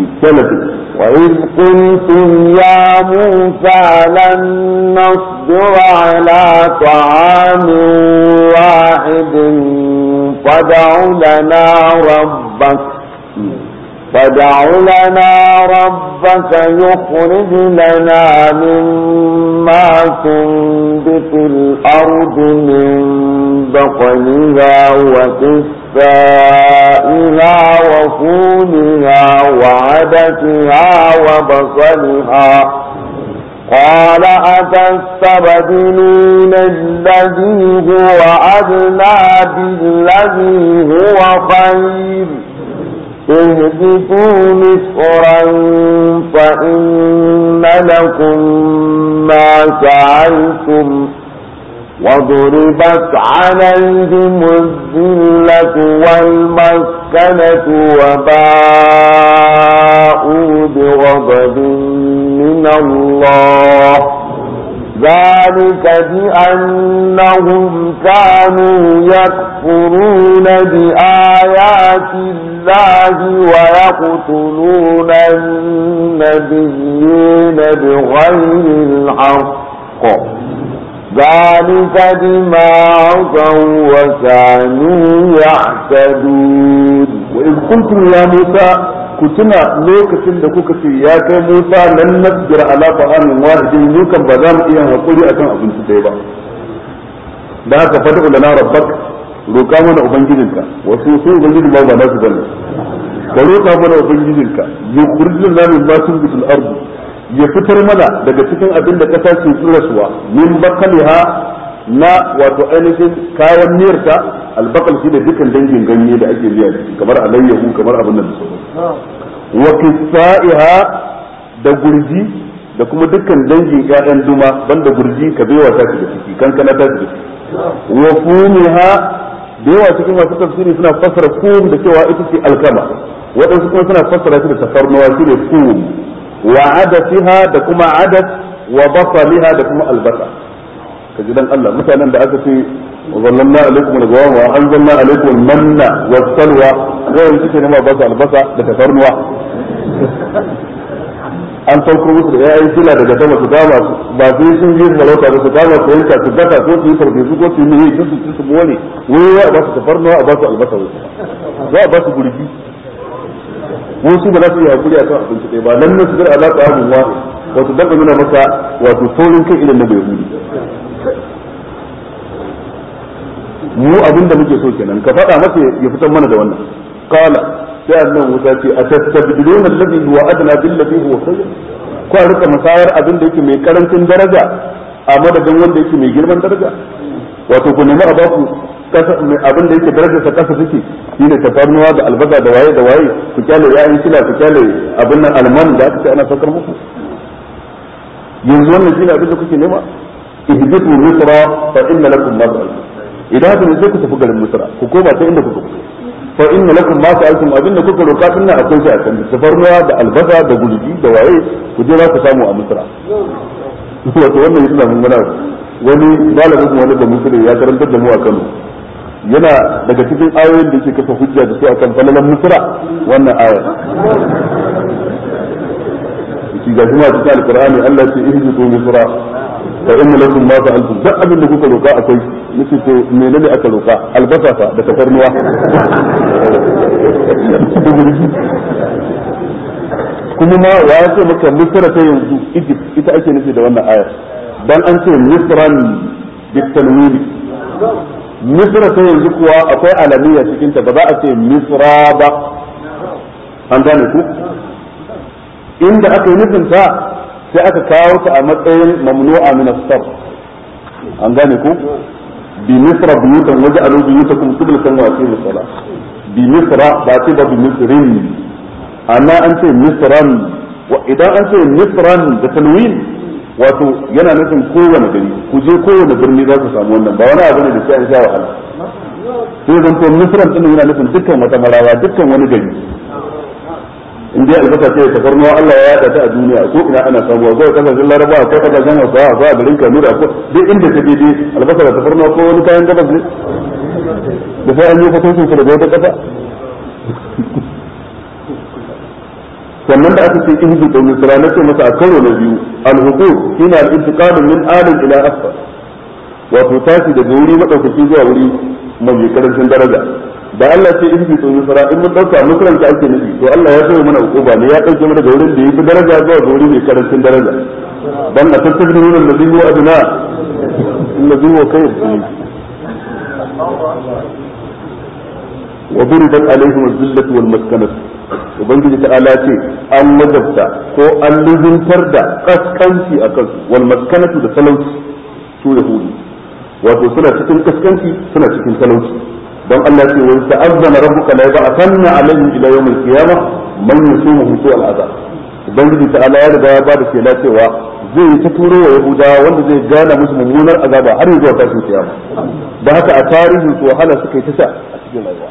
Speaker 2: ya munsa nan na zuwa ala ta hannu wa abin fada'u da na فدع لنا ربك يخرج لنا مما تنبت الأرض من بقلها وكسائها وفولها وعدتها وبصلها قال أتستبدلون الذي هو أدنى بالذي هو خير اهبطوا مصرا فإن لكم ما سعيتم وضربت عليهم الذلة والمسكنة وباءوا بغضب من الله ذلك بأنهم كانوا يكفرون بآيات الله ويقتلون النبيين بغير الحق ذلك بما عصوا وكانوا يعتدون وإذ قلتم يا موسى ku tuna lokacin da kuka ce ya kai Musa lan
Speaker 1: nasbir ala ta'amin wahidin mu kan ba za mu iya hakuri akan abinci dai ba da haka fad'u lana rabbak roka mana ubangijinka wasu sun ubangiji ba ba nasu bane ka roka mana ubangijinka yukhrij lana min sun tunbitul ard ya fitar mana daga cikin abin da kasa ke suwa min bakaliha na wato ainihin kayan miyarta albakal shi da dukkan dangin ganye da ake biya ciki kamar alayyahu kamar abin da sauran wa kisaiha da gurji da kuma dukkan dangin ƴaƴan duma banda gurji ka bai ta ciki kankana ta ciki wa da yawa cikin masu tafsiri suna fassara kum da cewa ita ce alkama waɗansu kuma suna fassara shi da tafarnuwa shi ne kum wa adasiha da kuma adas wa basaliha da kuma albasa ka dan Allah mutanen da aka ce وظللنا عليكم الغوام وانزلنا عليكم المن والسلوى غير ذلك ما بس البسا لتفرنوا an farko musu da yayin sila daga sama su dama su ba sai sun je malauta da su dama su yanka su gata ko su yi farfesu ko su yi mihi su su su wani wani ya ba su tafarnuwa a ba su albasa wasu za a ba su gurbi wasu ba za su yi hakuri a kan abinci ɗaya ba nan ne su alaƙa nuna masa wato saurin kai idan na bai hudi mu abin da muke so kenan ka faɗa masa ya fitar mana da wannan qala sai annabi Musa ce a atastabdiluna alladhi huwa adna bil ladhi huwa khayr ko a rika masayar abin da yake mai karancin daraja a madadin wanda yake mai girman daraja wato ku nemi a baku abin da yake darajar sa kasa suke shi ne tafarnuwa da albasa da waye da waye ku kyale ya'yan kila ku kyale abin nan alman da aka ce ana saukar muku yanzu wannan shi ne abin da kuke nema ihdithu misra fa inna lakum ma idan haka ne sai ku tafi garin misra ku koma ta inda kuka fito fa inna lakum ma sa'altum abin da kuka roka a akwai shi a kan tafarnuwa da albasa da gurbi da waye ku je za ku samu a misra wato wannan yana mun gana wani malamin wani da misra ya karantar da mu a Kano yana daga cikin ayoyin da yake kafa hujja da su akan falalan misra wannan aya ki ga kuma cikin alqur'ani Allah ya ce ihdiqu misra fa inna lakum ma fa'altum duk abin da kuka roka akwai nace to menene aka roka albasa fa da tafarnuwa kuma ma wa ya ce maka misra ta yanzu egypt ita ake nufi da wannan ayar dan an ce misran bitalwini misra ta yanzu kuwa akwai alamiya cikin ta ba za a ce misra ba an gane ku inda aka yi nufin ta sai aka kawo ta a matsayin mamnu'a min as-sarf an gane ku bi misra buyutan kuma buyutakum kuma wa aqimu as-salah bi misra ba ce ba bi misrin amma an ce misran wa idan an ce misran da tanwin wato yana nufin kowane gari ku je kowane birni za ku samu wannan ba wani abu ne da sai an sha wahala sai zan to misran din yana nufin dukkan wata marawa dukkan wani gari in dai albasa ce ta farno Allah ya yada ta a duniya ko ina ana samuwa ko kasashen laraba ko kasashen hausawa ko a garin Kano ko duk inda ta je dai albasa ta farno ko wani kayan gabas ne da sai an yi ta su daga wata kafa sannan da aka ce ji don misra na ce masa a karo na biyu al-huqud shine al-intiqalu min adam ila asfar wato tashi daga wuri madaukaki zuwa wuri mai karancin daraja da Allah sai in bito nusra in mun dauka nusran da ake nufi to Allah ya zo mana ukuba ne ya dauke mana da wurin da yafi daraja zuwa ga wuri mai karancin daraja dan a tattabi nuna da zai yi aduna inda zai yi kai wa buridat alaihim az-zillatu wal maskanatu ubangiji ala ce an madabta ko an luzuntar da kaskanci akan su wal maskanatu da talauci su yahudi wato suna cikin kaskanci suna cikin talauci don Allah ce wa ta'azzana rabbuka la yab'athanna alaihim ila yawm al-qiyamah man yusumuhu su al-azab ubangiji ta'ala ya riga ya ba da kela cewa zai yi ta turo wa yahuda wanda zai gana musu mummunar azaba har zuwa tashin kiyama da haka a tarihin su wahala suka yi ta a cikin rayuwa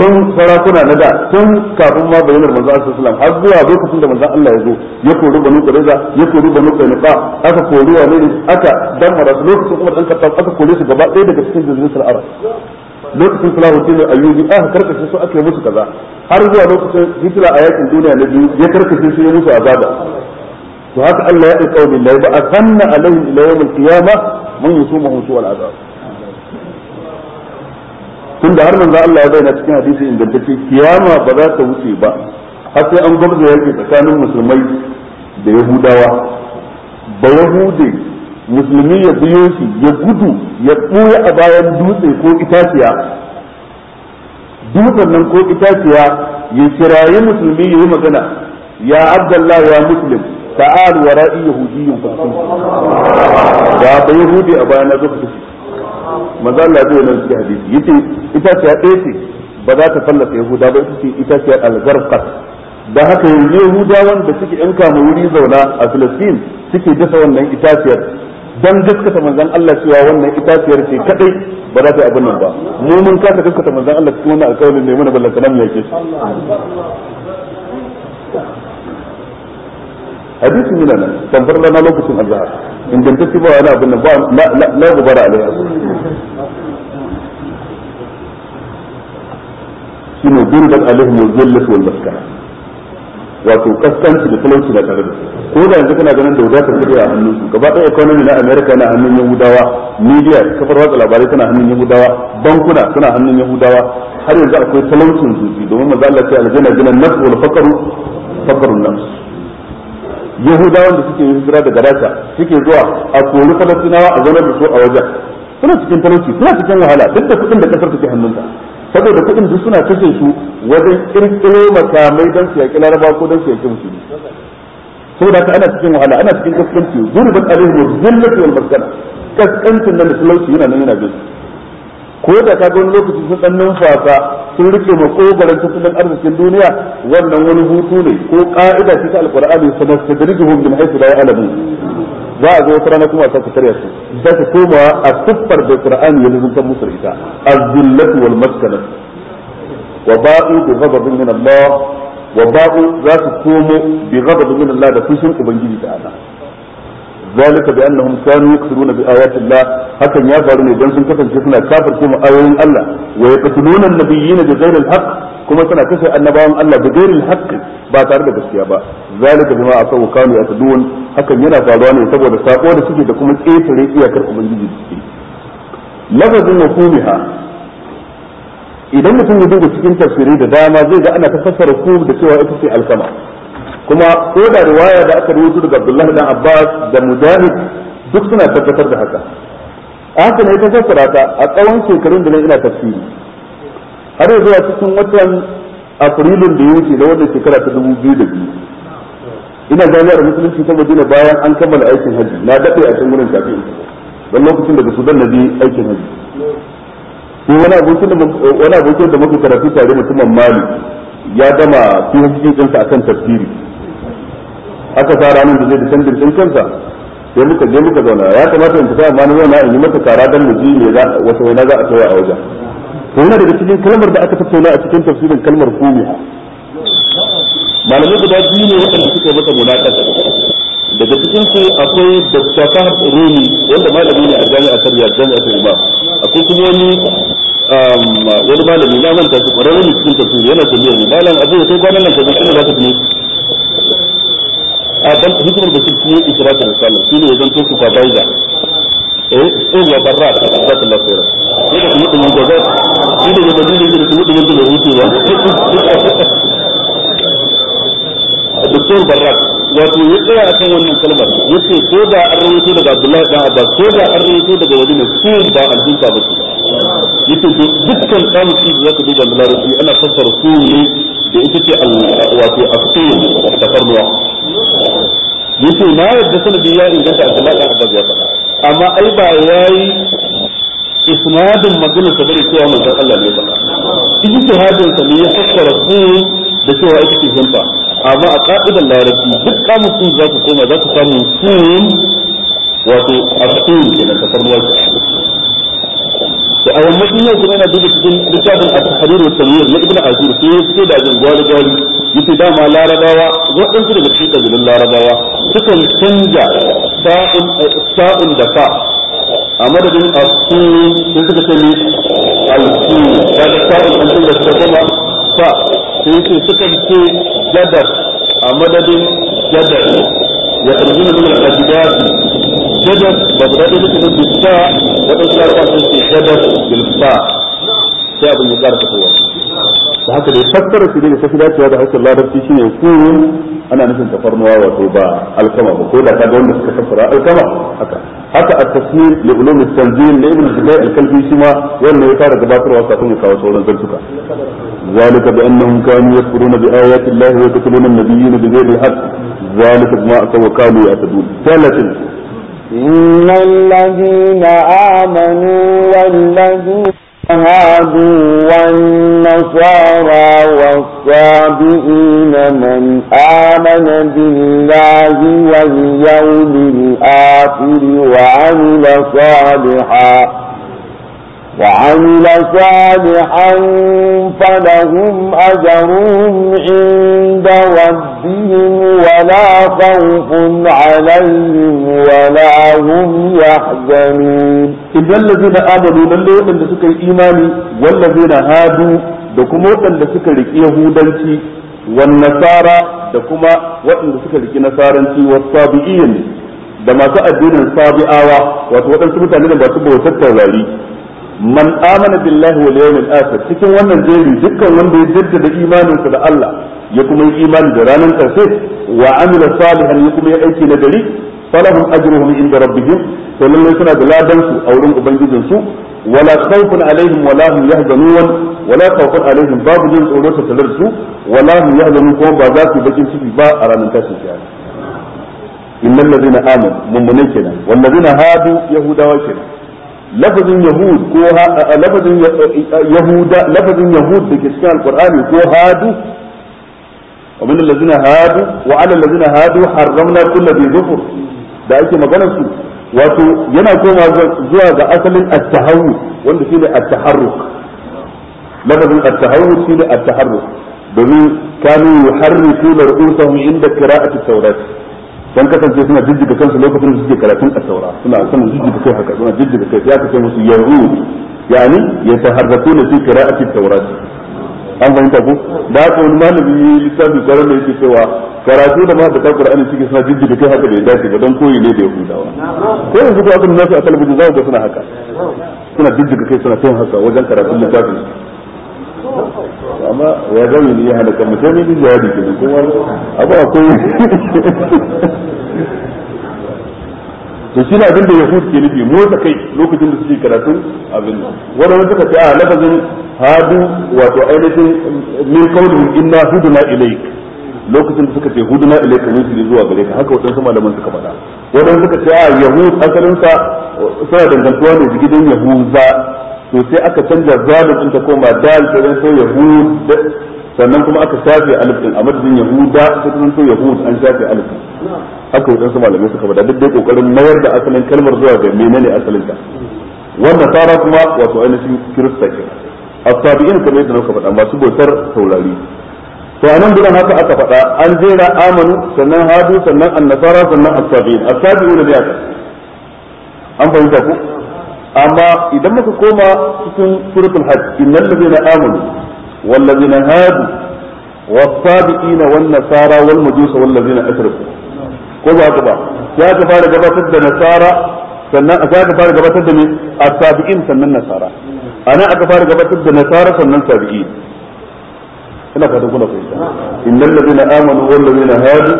Speaker 1: tun sarakuna na da tun kafin ma bayyana manzo Allah sallallahu har zuwa lokacin da manzo Allah ya zo ya kori banu Qurayza ya kori banu Qainuqa aka kori wa ne aka damara su lokacin kuma dan Khattab aka kore su gaba ɗaya daga cikin zuriyar Arab lokacin Salahuddin Ayyubi aka karkace su aka yi musu kaza har zuwa lokacin Hitler a yakin duniya na biyu ya karkace su ya musu azaba to haka Allah ya alƙawarin la yab'athanna alaihim ila yawm al-qiyamah man yusumuhu su'al azab tunda har manzo Allah ya bayyana cikin hadisi take kiyama ba za ta wuce ba har sai an gwamza yake tsakanin musulmai da yahudawa ba yahudi musulmi ya biyo shi ya gudu ya ɓoye a bayan dutse ko itaciya dutsen nan ko itaciya ya kirayi musulmi ya yi magana ya abdallah ya muslim ta'al wara'i yahudiyyun fasu ga ba yahudi a bayan na zuwa maza Allah zai nan cikin hadisi yace ce ɗaya ce ba za ta fallasa yahuda ba ita ce itaciya algarqat da haka yanzu yahudawan da suke yan kama wuri zauna a filistin suke dasa wannan itaciyar dan gaskata manzon Allah cewa wannan itaciyar ce kadai ba za ta abin nan ba mu mun kasa gaskata manzon Allah cikin wannan alƙawarin ne mun ballan kalam yake hadisi mina nan tambar rana lokacin azhar take ba wani abin ba la gubara alai azhar shine da alai al-zillah wal maskara wato kaskanci da talauci da tare da ko da yanzu kana ganin da wadatar kudi a hannun su gaba ɗaya economy na America na hannun Yahudawa media kafar watsa labarai tana hannun Yahudawa bankuna suna hannun Yahudawa har yanzu akwai talaucin zuci domin manzo Allah aljanna jinan nafsu wal fakaru fakarun nafsu yahudawan da suke hijira daga rasha suke zuwa a kori falastinawa a zaunar da su a wajen suna cikin talauci suna cikin wahala duk da kuɗin da kasar take hannunta saboda kuɗin duk suna kashe su wajen kirkiro makamai don su yaƙi laraba ko don su yaƙi musulmi saboda ka ana cikin wahala ana cikin kaskanci alaihi wa zillatu wal maskana kaskancin da talauci yana nan yana bin ko da ka ga lokaci sun dan numfasa sun rike makogaran tattalin arzikin duniya wannan wani hutu ne ko ka'ida ce ta alqur'ani sanastadrijuhum min haythu la ya'lamun za a zo wata rana kuma ta karya su za ta koma a tuffar da qur'ani ya lulunta musu ita az-zillatu wal maskanat wa ba'u bi ghadabin min Allah wa ba'u za su komo bi ghadabin min Allah da fushin ubangiji ta'ala zalika bi annahum kanu yakfuruna bi ayati Allah hakan ya faru ne don sun kasance suna kafirce mu ayoyin Allah wa yaqtuluna an-nabiyyina bi ghairi al-haqq kuma suna kashe annabawan Allah bi ghairi al ba tare da gaskiya ba zalika a asaw kanu yatadun hakan yana faruwa ne saboda sako da suke da kuma ƙetare iyakar ubangiji da suke lafazin mafhumiha idan mutum ya duba cikin tafsirai da dama zai ga ana ta fassara ku da cewa ita ce alkama kuma ko da riwaya da aka rubuta daga Abdullahi dan Abbas da Mujahid duk suna tabbatar da haka haka ne ta fassara ta a tsawon shekarun da ina tafsiri har yanzu a cikin watan Afrilun da ya wuce da wannan shekara ta 2002 ina jami'ar musulunci ta Madina bayan an kammala aikin hajji na dade a cikin wurin kafin dan lokacin daga Sudan na je aikin hajji ko wani abokin da wani abokin da muke karatu tare mutumin Mali ya gama PhD sa akan tafsiri aka sa ranar da zai da canjin din kansa sai muka je muka zauna ya kamata in fita amma na zauna in yi mata kara dan muji ne za wasu waina za a tsaya a wajen to yana daga cikin kalmar da aka tattauna a cikin tafsirin kalmar kome malamai guda biyu ne waɗanda suka yi masa munakasa daga cikin su akwai da fahad rumi wanda malami ne a jami'a ta a jami'a ta imam akwai kuma wani um, wani malami na manta su kwararren cikin tafsiri yana tambayar ne malam abin da kai kwanan nan ka zan da za ka fi a dan ne da ya zanto eh ko ya barra da sallah khaira ko da kuma dinin shi da ne da da doktor barrak wato ya tsaya wannan kalmar yace ko da an rawaito daga abdullahi dan abbas ko da an rawaito daga su ba aljinta ba ce dukkan tsamuki da zaka duba na ana fassara su ne da ita ce wato afsin tafarnuwa yace na yadda sanadi ya inganta Abdullahi dan Abbas ya faɗa amma ai ba yayi isnadin maganar sa bane cewa manzon Allah ne faɗa hadin sa ne ya fassara su da cewa ita ce himba amma a ka'idar larabci duk kamusin za ku koma za ku samu sun wato afsin kenan tafarnuwa to a yammacin yau kuma yana duba cikin littafin al-hadir wa tanwir na ibnu azir sai ya fito da abin gwari gwari yace dama larabawa waɗansu daga cikin kabilun larabawa sukan canja sa'un sa'un da fa a madadin afu sai suka ce ne alfu da sa'un an canja ta kuma fa sai yace sukan ce jadar a madadin jadar ya tarjuma min al-ajdad جدد بدرجة من بالساء بدرجة الأربعة التي جدد بالساء شيء أبو المقارة هو فهذا اللي في ذلك في ذلك هذا حيث الله ربك شيء يكون أنا نسيت تفرموا وطوبا الكمى بقول لك هذا عندك كفر الكمى حتى حتى التسمير لعلوم التنزيل لابن الجزاء الكلبي سما وأن يطار جباكر وصاكم يقاوش ولن تلتك ذلك بأنهم كانوا يكفرون بآيات الله ويقتلون النبيين بغير الحق ذلك ما أتوا وكانوا يعتدون ثالثا
Speaker 2: إن الذين آمنوا والذين هادوا والنصارى والصابئين من آمن بالله واليوم الآخر وعمل صالحا وعمل صالحا فلهم أجرهم عند ربهم ولا خوف عليهم ولا هم يحزنون إن الذين آمنوا لله أن سكر إيماني والذين هادوا دكما أن سكر
Speaker 1: يهودانتي والنصارى دكما وأن سكر نصارانتي والصابئين da masu addinin sabi'awa wato waɗansu mutane da masu bautar man amana billahi wal yawmil akhir cikin wannan jeri dukkan wanda ya jaddada imaninsa da Allah ya kuma yi imani da ranar karshe wa amila salihan ya kuma ya aiki na gari falahum ajruhum inda rabbihim to lallai suna da ladan su a wurin ubangijin su wala khawfun alaihim wala hum yahzanun wala khawfun alaihim babu jin tsoro ta talar su wala hum yahzanun kuma ba za su bakin ciki ba a ranar tashin kiyama innal ladina amanu mummunan kenan wal ladina hadu yahudawa kenan lafazin yahud ko lafazin yahuda lafazin yahud da ke cikin alqur'ani ko hadu ومن الذين هادوا وعلى الذين هادوا حرمنا كل ذي ظفر da ake maganar su wato yana koma zuwa ga asalin at-tahawwu wanda shine at-taharruk lafazin at-tahawwu shine at-taharruk domin kanu yuharrifuna ru'usahum inda qira'ati tawrat dan kasance suna jijjiga kansu lokacin da suke karatun a saura suna suna jijjiga kai haka suna jijjiga kai sai aka ce ya ta yani ne fi qira'ati at-taurat an fahimta ko da haka wani malami littafi kwarar da yake cewa karatu da masu ta qur'ani suke suna jijjiga kai haka da ya dace ba dan koyi ne da ya yahudawa ko yanzu ko abin nasu a talabijin za ga suna haka suna jijjiga kai suna kai haka wajen karatun littafin amma ya zama ne ya hana kan mutum ne ya jawabi kenan kuma abu akwai to shi na abin da yahud ke nufi motsa kai lokacin da suke karatun abin nan wanda wanda suka ce a ah, lafazin hadu wato ainihin min qawlihim inna huduna ilayk lokacin da suka ce huduna ilayk mun shi zuwa gare ka haka wadansu malaman suka faɗa wanda suka ce a ah, yahud asalin sa suna dangantuwa ne da gidan yahuza to sai aka canza din ta koma dal ta zan so yahud sannan kuma aka shafe alif din a madadin yahuda ta zan so yahud an shafe alif haka su malamai suka faɗa duk dai kokarin mayar da asalin kalmar zuwa ga menene asalin ta wannan tsara kuma wato ainihin kirista ke asabi'in kamar yadda muka faɗa masu bautar taurari to anan gudan haka aka faɗa an jera amanu sannan hadu sannan annasara sannan asabi'in asabi'in da ya an fahimta ku amma idan muka koma cikin suratul hajj innal ladina amanu wal ladina hadu was-sabiqina wan nasara wal majus wal ladina ashraku ko ba ka ba ya ka fara gabatar da nasara sannan aka ka fara gabatar da ne as-sabiqin sannan nasara ana aka fara gabatar da nasara sannan sabiqin ina fatan kuna fahimta innal ladina amanu wal ladina hadu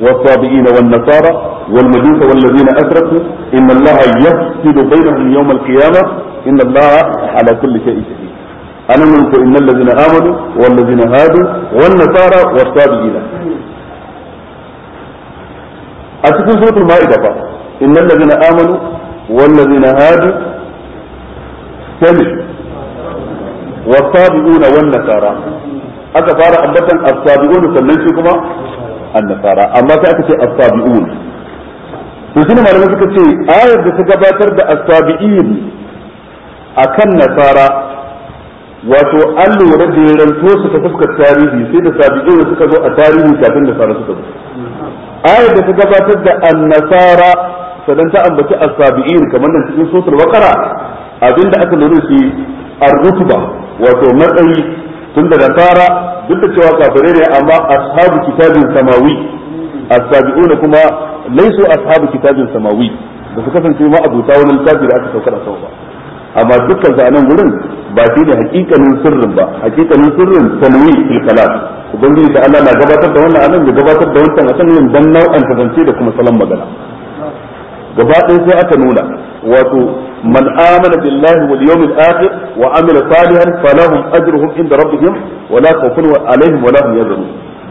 Speaker 1: والصابئين والنصارى والمجوس والذين أشركوا إن الله يفصل بينهم يوم القيامة إن الله على كل شيء شهيد أنا منك إن الذين آمنوا والذين هادوا والنصارى والصابئين أتكون سورة المائدة إن الذين آمنوا والذين هادوا كمل والصابئون والنصارى aka fara الصابئون as-sabiqun annasara amma sai aka ce as-sabiun to shine malamai suka ce ayar da ta gabatar da as-sabiin akan nasara wato an lura da ranto su ta fuskar tarihi sai da sabiin suka zo a tarihi kafin nasara suka zo ayar da ta gabatar da annasara sadan ta ambaci as-sabiin kamar nan cikin suratul baqara abinda aka lura shi ar-rutba wato matsayi tun da nasara duk da cewa kafirai ne amma ashabu kitabin samawi as-sabi'una kuma laisu ashabu kitabin samawi da su kasance ma abuta wani littafi da aka sauka da sama ba amma dukkan sa nan gurin ba shi ne hakikanin sirrin ba hakikanin sirrin tanwi fil kalam ubangiji da Allah na gabatar da wannan anan ya gabatar da wannan a sanin dan nau'an zance da kuma salon magana gaba ɗaya sai aka nuna wato man amana billahi wal yawmil akhir wa amila salihan falahum ajruhum inda rabbihim wa la khawfun alaihim wa la hum yahzanun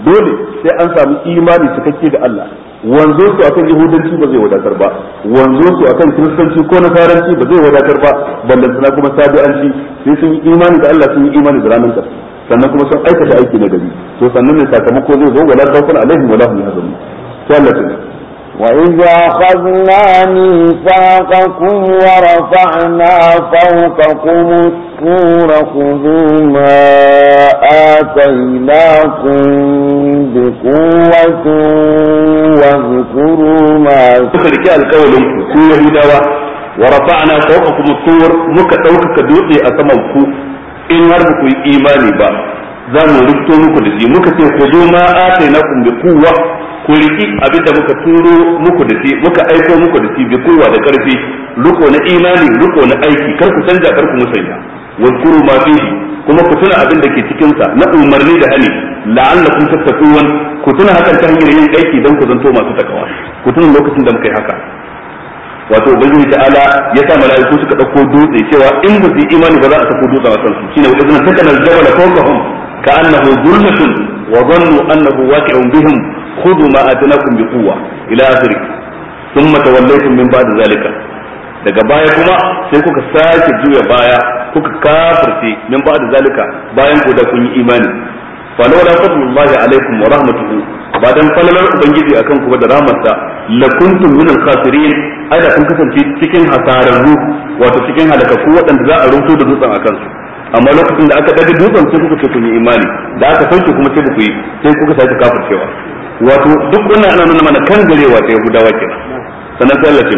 Speaker 1: dole sai an samu imani cikakke da Allah wanzo su akan yahudanci ba zai wadatar ba wanzo su akan kiristanci ko nasaranci ba zai wadatar ba ballantana kuma sabi'anci sai sun yi imani da Allah sun yi imani da ranar ƙarshe sannan kuma sun aikata aiki na gari to sannan ne sakamako zai zo wala khawfun alaihim wa la hum yahzanun sai Allah
Speaker 3: وإذا
Speaker 2: أخذنا ميثاقكم ورفعنا فوقكم الطور خذوا ما آتيناكم بقوة واذكروا ما فيه القول
Speaker 1: في يهودا ورفعنا فوقكم الطور مكا توكك دوتي أسموكو إن هربكم إيماني با ذا mu rubuto muku da shi muka ce ku zo ku riki abinda muka turo muku da shi muka aiko muku da shi bi kowa da karfi riko na imani riko na aiki kar ku canja kar ku musanya wankuru ma fihi kuma ku tuna abin da ke cikin sa na umarni da hani la'allakum tattaqun ku tuna hakan ta hanyar yin aiki dan ku zanto masu takawa ku tuna lokacin da muka yi haka wato ubangiji ta'ala ya sa mala'iku suka dauko dutse cewa in ba su yi imani ba za a sako dutsen a kansu shine wa idan sakana al-jabala fawqahum ka'annahu dhullatun wa dhannu annahu waqi'un bihim khudhu ma atanakum bi quwwa ila akhirih thumma tawallaytum min ba'd zalika daga baya kuma sai kuka sake juya baya kuka kafirce min da zalika bayan ku da kun yi imani fadlu llahi alaikum wa rahmatuhu ba dan falalar ubangiji akan ku da rahmatsa la kuntum min al-khasirin ai kun kasance cikin hasararru wato cikin halakaku wadanda za a rubuto da dutsen akan su amma lokacin da aka daga dutsen sai kuka ce kun yi imani da aka sauke kuma sai ku yi sai kuka sake kafircewa wato duk wannan ana nuna mana kan wa ta yahudawa kenan sanan sai Allah ce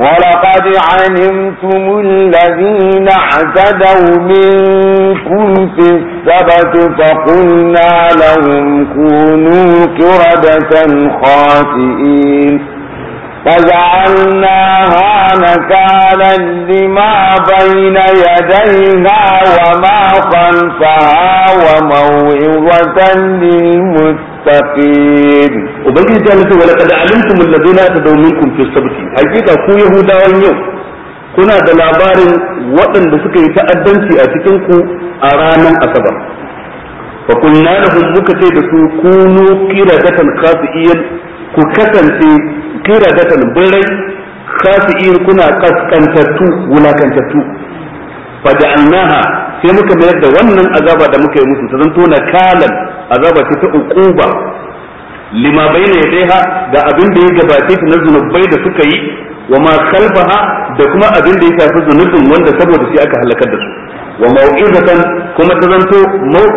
Speaker 2: ولقد علمتم الذين اعتدوا منكم في السبت فقلنا لهم كونوا كردة خاسئين فجعلناها نكالا لما بين وما خلفها وموعظة للمتقين muttaqin ubangiji ta nufi wani
Speaker 1: kada alimtum alladhina tadaw minkum fi sabti hakika ku yahudawan yau kuna da labarin waɗanda suka yi ta'addanci a cikin ku a ranar asabar fa kunna lahum muka ce da su kunu qiradatan khasiyan ku kasance qiradatan birai khasiyan kuna kaskantattu wulakantattu fa da'annaha sai muka mayar da wannan azaba da muka yi musu ta zanto na kalan azaba ta ukuba lima bayna yadayha da abin da ya gabace ta na zunubai da suka yi wa ma kalbaha da kuma abin da ya shafi zunubin wanda saboda shi aka halakar da su wa mau'izatan kuma ta zanto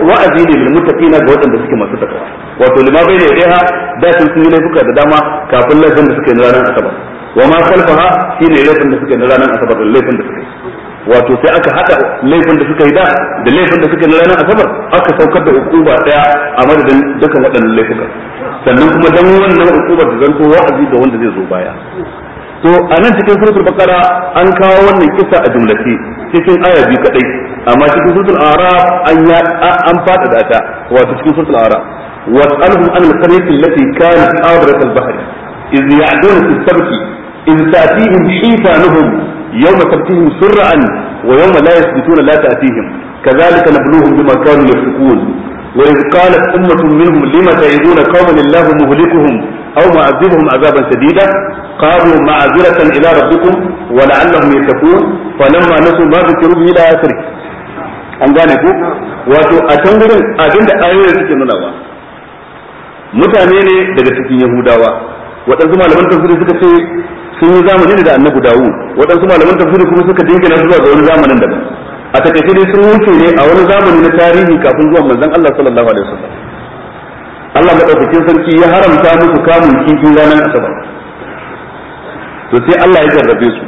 Speaker 1: wa'azi ne lil mutaqina ga waɗanda suke masu takawa wato lima bayna yadayha da sun yi laifuka da dama kafin laifin da suke na ranar asabar wa ma kalbaha shine laifin da suke na ranar asabar laifin da suke wato sai aka hada laifin da suka yi da da laifin da suka yi ranar asabar aka saukar da hukuma daya a madadin dukkan waɗannan laifukan sannan kuma dan wannan hukumar da zanto wa'azi ga wanda zai zo baya to a nan cikin suratul baqara an kawo wannan kisa a jumlace cikin aya biyu kadai amma cikin suratul araf an ya an fada da ta wato cikin suratul araf was'alhum an al-qaryati allati kanat abrat al-bahr iz ya'duna fi as-sabti iz ta'tihim hitanuhum Yau tabtihim sur'an wa yawma la yasbituna la ta'tihim kadhalika nabluhum bima kanu yafsukun wa idh qalat ummatun minhum lima ta'iduna qauman illahu muhlikuhum aw mu'adhibuhum 'adaban shadida qalu ma'azratan ila rabbikum wa la'allahum yattaqun falamma nasu ma dhukiru an gane ku wato a can gurin abinda ayoyin suke nuna ba mutane ne daga cikin yahudawa waɗansu malaman tafsiri suka ce sun yi zamani da annabi dawu waɗansu malaman tafsiri kuma suka dinga na zuwa ga wani zamanin daban a takaice dai sun wuce ne a wani zamani na tarihi kafin zuwa manzon Allah sallallahu alaihi wasallam Allah madaukakin sarki ya haramta musu kamun kifi ranar asabar to sai Allah ya jarrabe su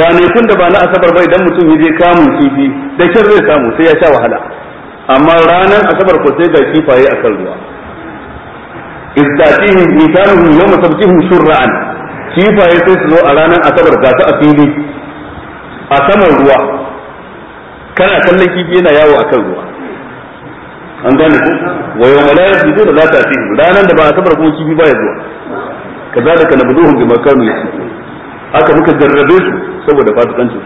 Speaker 1: ranakun da ba na asabar ba idan mutum ya je kamun kifi da kin zai samu sai ya sha wahala amma ranar asabar ko sai ga kifaye a kan ruwa izdatihim mitanuhum yawma tabtihu shur'an kifaye sai su zo a ranar asabar ga su a fili a saman ruwa kana kallon kifi yana yawo a kan ruwa an gane ku wa yau malayar su zo da za ta fi ranar da ba a sabar kuma kifi ba ya zuwa ka za da ka zuhun jima Kano ya aka muka jarrabe su saboda fasikancin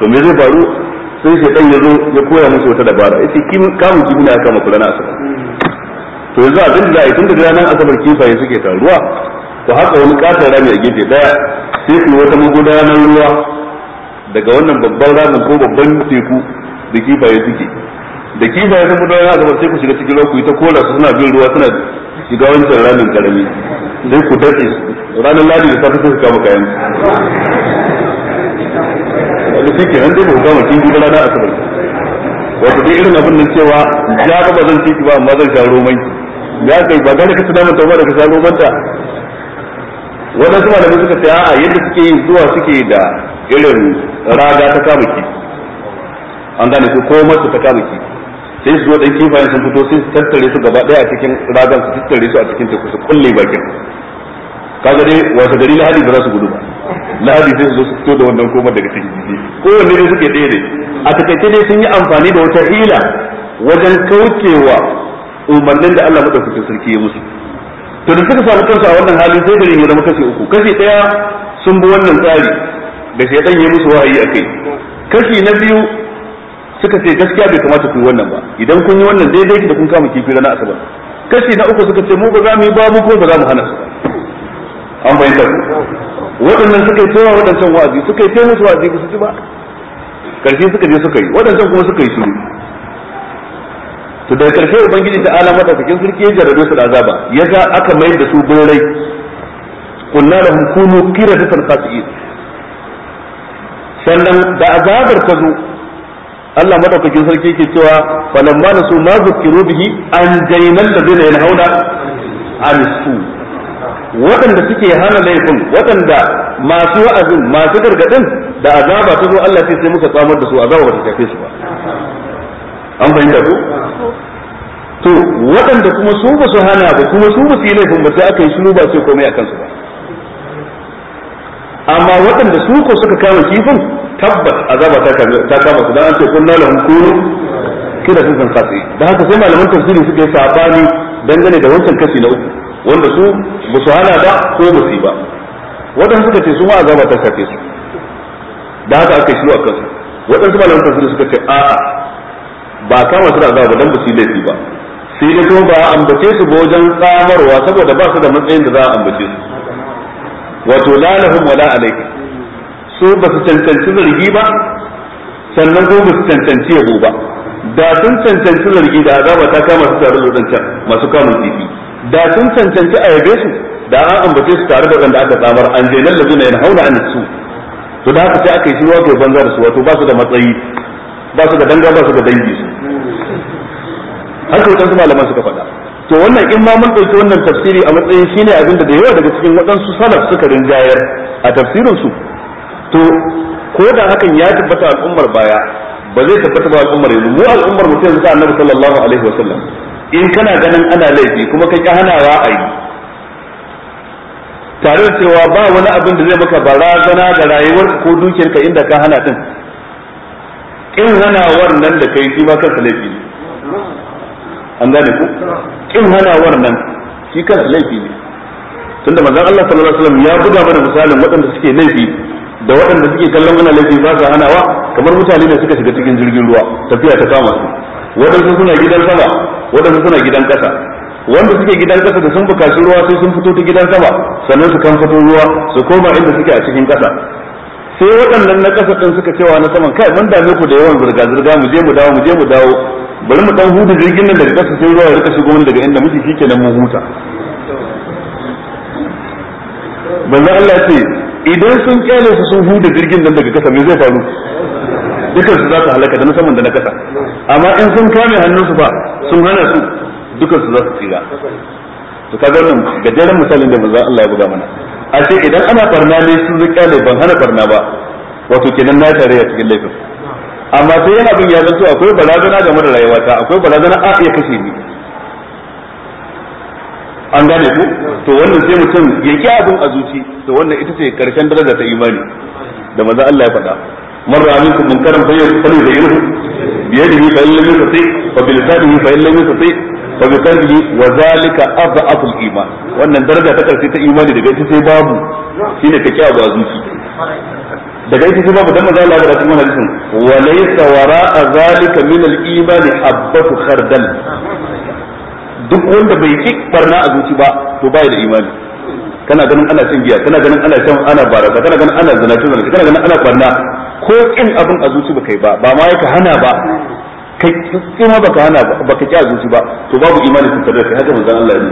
Speaker 1: to me zai faru sai shi dan ya zo ya koya musu wata dabara Ita kin kamun kifi na kama kula na asabar to yanzu abin da za a yi tun da ranar asabar kifaye suke taruwa ku haka wani katon rami a gefe daya sai ku wata magudanar ruwa daga wannan babban ramin ko babban teku da kifaye suke da kifaye sun gudanar yana gaba sai ku shiga cikin ruwa ku yi ta kola su suna bin ruwa suna shiga wancan ramin karami sai ku dace ranar ladi da safi sai su kama kayan wanda shi ke nan dai ba ku kama kin gudanar da asabar wato dai irin abin nan cewa ya ba zan ciki ba amma zan sha roman ya kai ba gane ka damar tauba da ka sha romanta ta wadansu malamai suka ta a'a yadda suke yin zuwa suke da irin raga ta kama kifi an gane su ko masu ta kama kifi sai su zo dan kifayen sun fito sai su tattare su gaba daya a cikin ragan su tattare su a cikin teku su kulle bakin kaga dai wata gari lahadi ba za su gudu ba lahadi sai su zo su fito da wannan komar daga cikin jiki kowanne ne suke ɗaya ne a takaice dai sun yi amfani da wata hila wajen kaucewa umarnin da Allah madaukakin sarki ya musu to da suka samu kansu a wannan hali sai gari mu zama kashi uku kashi daya sun bi wannan tsari da shi ya musu wahayi kai kashi na biyu suka ce gaskiya bai kamata ku yi wannan ba idan kun yi wannan daidai da kun kama kifi rana asabar kashi na uku suka ce mu ba za mu yi babu ko ba za mu hana su an bayyana waɗannan suka yi tsawa waɗancan wa'azi suka yi musu wa'azi ba su ci ba karshe suka je suka yi waɗancan kuma suka yi shiru to da karshe ubangiji ta ala cikin sarki ya jarabe su da azaba yaga aka mayar da su gurai kunna da hukumu kira qiradatan fasiqin sannan da azabar ta zo Allah madaukakin sarki ke cewa falamma nasu ma zukiru bihi an jainal ladina yanhauna anisu waɗanda suke hana laifin waɗanda masu wa'azin masu gargadin da azaba ta zo Allah sai sai muka tsamar da su azaba ba ta tafe su ba an bayyana ko to waɗanda kuma su ba su hana ba kuma su ba su yi laifin ba sai aka yi shiru ba sai komai a kansu ba amma waɗanda su ko suka kama kifin tabbas azaba ta kama su dan an ce kun kullu lahum kunu kida sun san kasi da haka sai malaman tafsiri suka yi sabani dangane da wancan kashi na uku wanda su ba su hana ba ko ba su yi ba waɗanda suka ce su ma azaba ta kafe su da haka aka yi shiru a kansu waɗansu malaman tafsiri suka ce a'a ba kama su da azaba dan ba su yi laifi ba sai da kuma ba a ambace su ba wajen tsamarwa saboda ba su da matsayin da za a ambace su wato la lahum wala alayka su ba su cancanci zargi ba sannan ko ba su cancanci yabo ba da sun cancanci zargi da azaba ta kama su tare da wadancan masu kamun titi da sun cancanci a yabe su da an ambace su tare da wanda aka tsamar an je nan lazuna yana hauna an su to da haka sai aka yi shi wato banza da su wato ba su da matsayi ba su da danga ba su da dangi su haka su malaman suka faɗa to wannan in ma mun ɗauki wannan tafsiri a matsayin shine abin da da yawa daga cikin waɗansu salaf suka rinjayar a tafsirin su to ko da hakan ya tabbata al'ummar baya ba zai tabbata ba al'ummar yanzu mu al'ummar mu sai annabi sallallahu alaihi wasallam in kana ganin ana laifi kuma ka hana hanawa tare da cewa ba wani abin da zai maka barazana da rayuwarka ko dukiyarka inda ka hana din in hanawar nan da kai shi ma kan laifi ne an gane ku kin hana nan shi kansa laifi ne tunda manzon Allah sallallahu alaihi wasallam ya buga mana misalin waɗanda suke laifi da waɗanda suke kallon wannan laifi ba sa hanawa kamar mutane ne suka shiga cikin jirgin ruwa tafiya ta kama su waɗansu suna gidan sama waɗansu suna gidan ƙasa wanda suke gidan ƙasa da sun bukaci ruwa sai sun fito ta gidan sama sannan su kan fito ruwa su koma inda suke a cikin kasa. sai waɗannan na ƙasa ɗin suka cewa na saman kai mun dame ku da yawan zirga zirga mu je mu dawo mu je mu dawo bari mu dan hudu jirgin nan daga kasa sai zuwa ya rika shigo daga inda muke nan mu huta manzo Allah ce idan sun kyale su sun hudu jirgin nan daga kasa me zai faru dukan su za su halaka da na saman da na kasa amma in sun kame hannun su ba sun hana su dukan su za su tsira to kaga ga gajeren misalin da banza Allah ya buga mana a ce idan ana farna ne sun zai kyale ban hana farna ba wato kenan na tare a cikin laifin amma sai yana bin ya zanto akwai barazana game da rayuwata akwai barazana a iya kashe ni an gane ku to wannan sai mutum ya ki abin a zuci to wannan ita ce karshen daraja ta imani da maza Allah ya faɗa man ra'a minkum munkaran fa yaqulu da yuru biyadi yadihi fa illam yusati fa bil lisanihi fa illam yusati fa bi kalbi wa zalika adhafu al-iman wannan daraja ta karshe ta imani daga ita sai babu shine ta ki abu a zuci daga ita sai babu dan manzo Allah da kuma hadisin wa laysa wara'a zalika min al-iman habbatu khardal duk wanda bai ki barna a zuci ba to bai da imani kana ganin ana cin giya kana ganin ana cin ana baraka kana ganin ana zinaci zinaci kana ganin ana barna ko kin abin a zuci baka yi ba ba ma yaka hana ba kai kuma baka hana ba baka ki a zuci ba to babu imani sun kada kai haka manzon Allah ya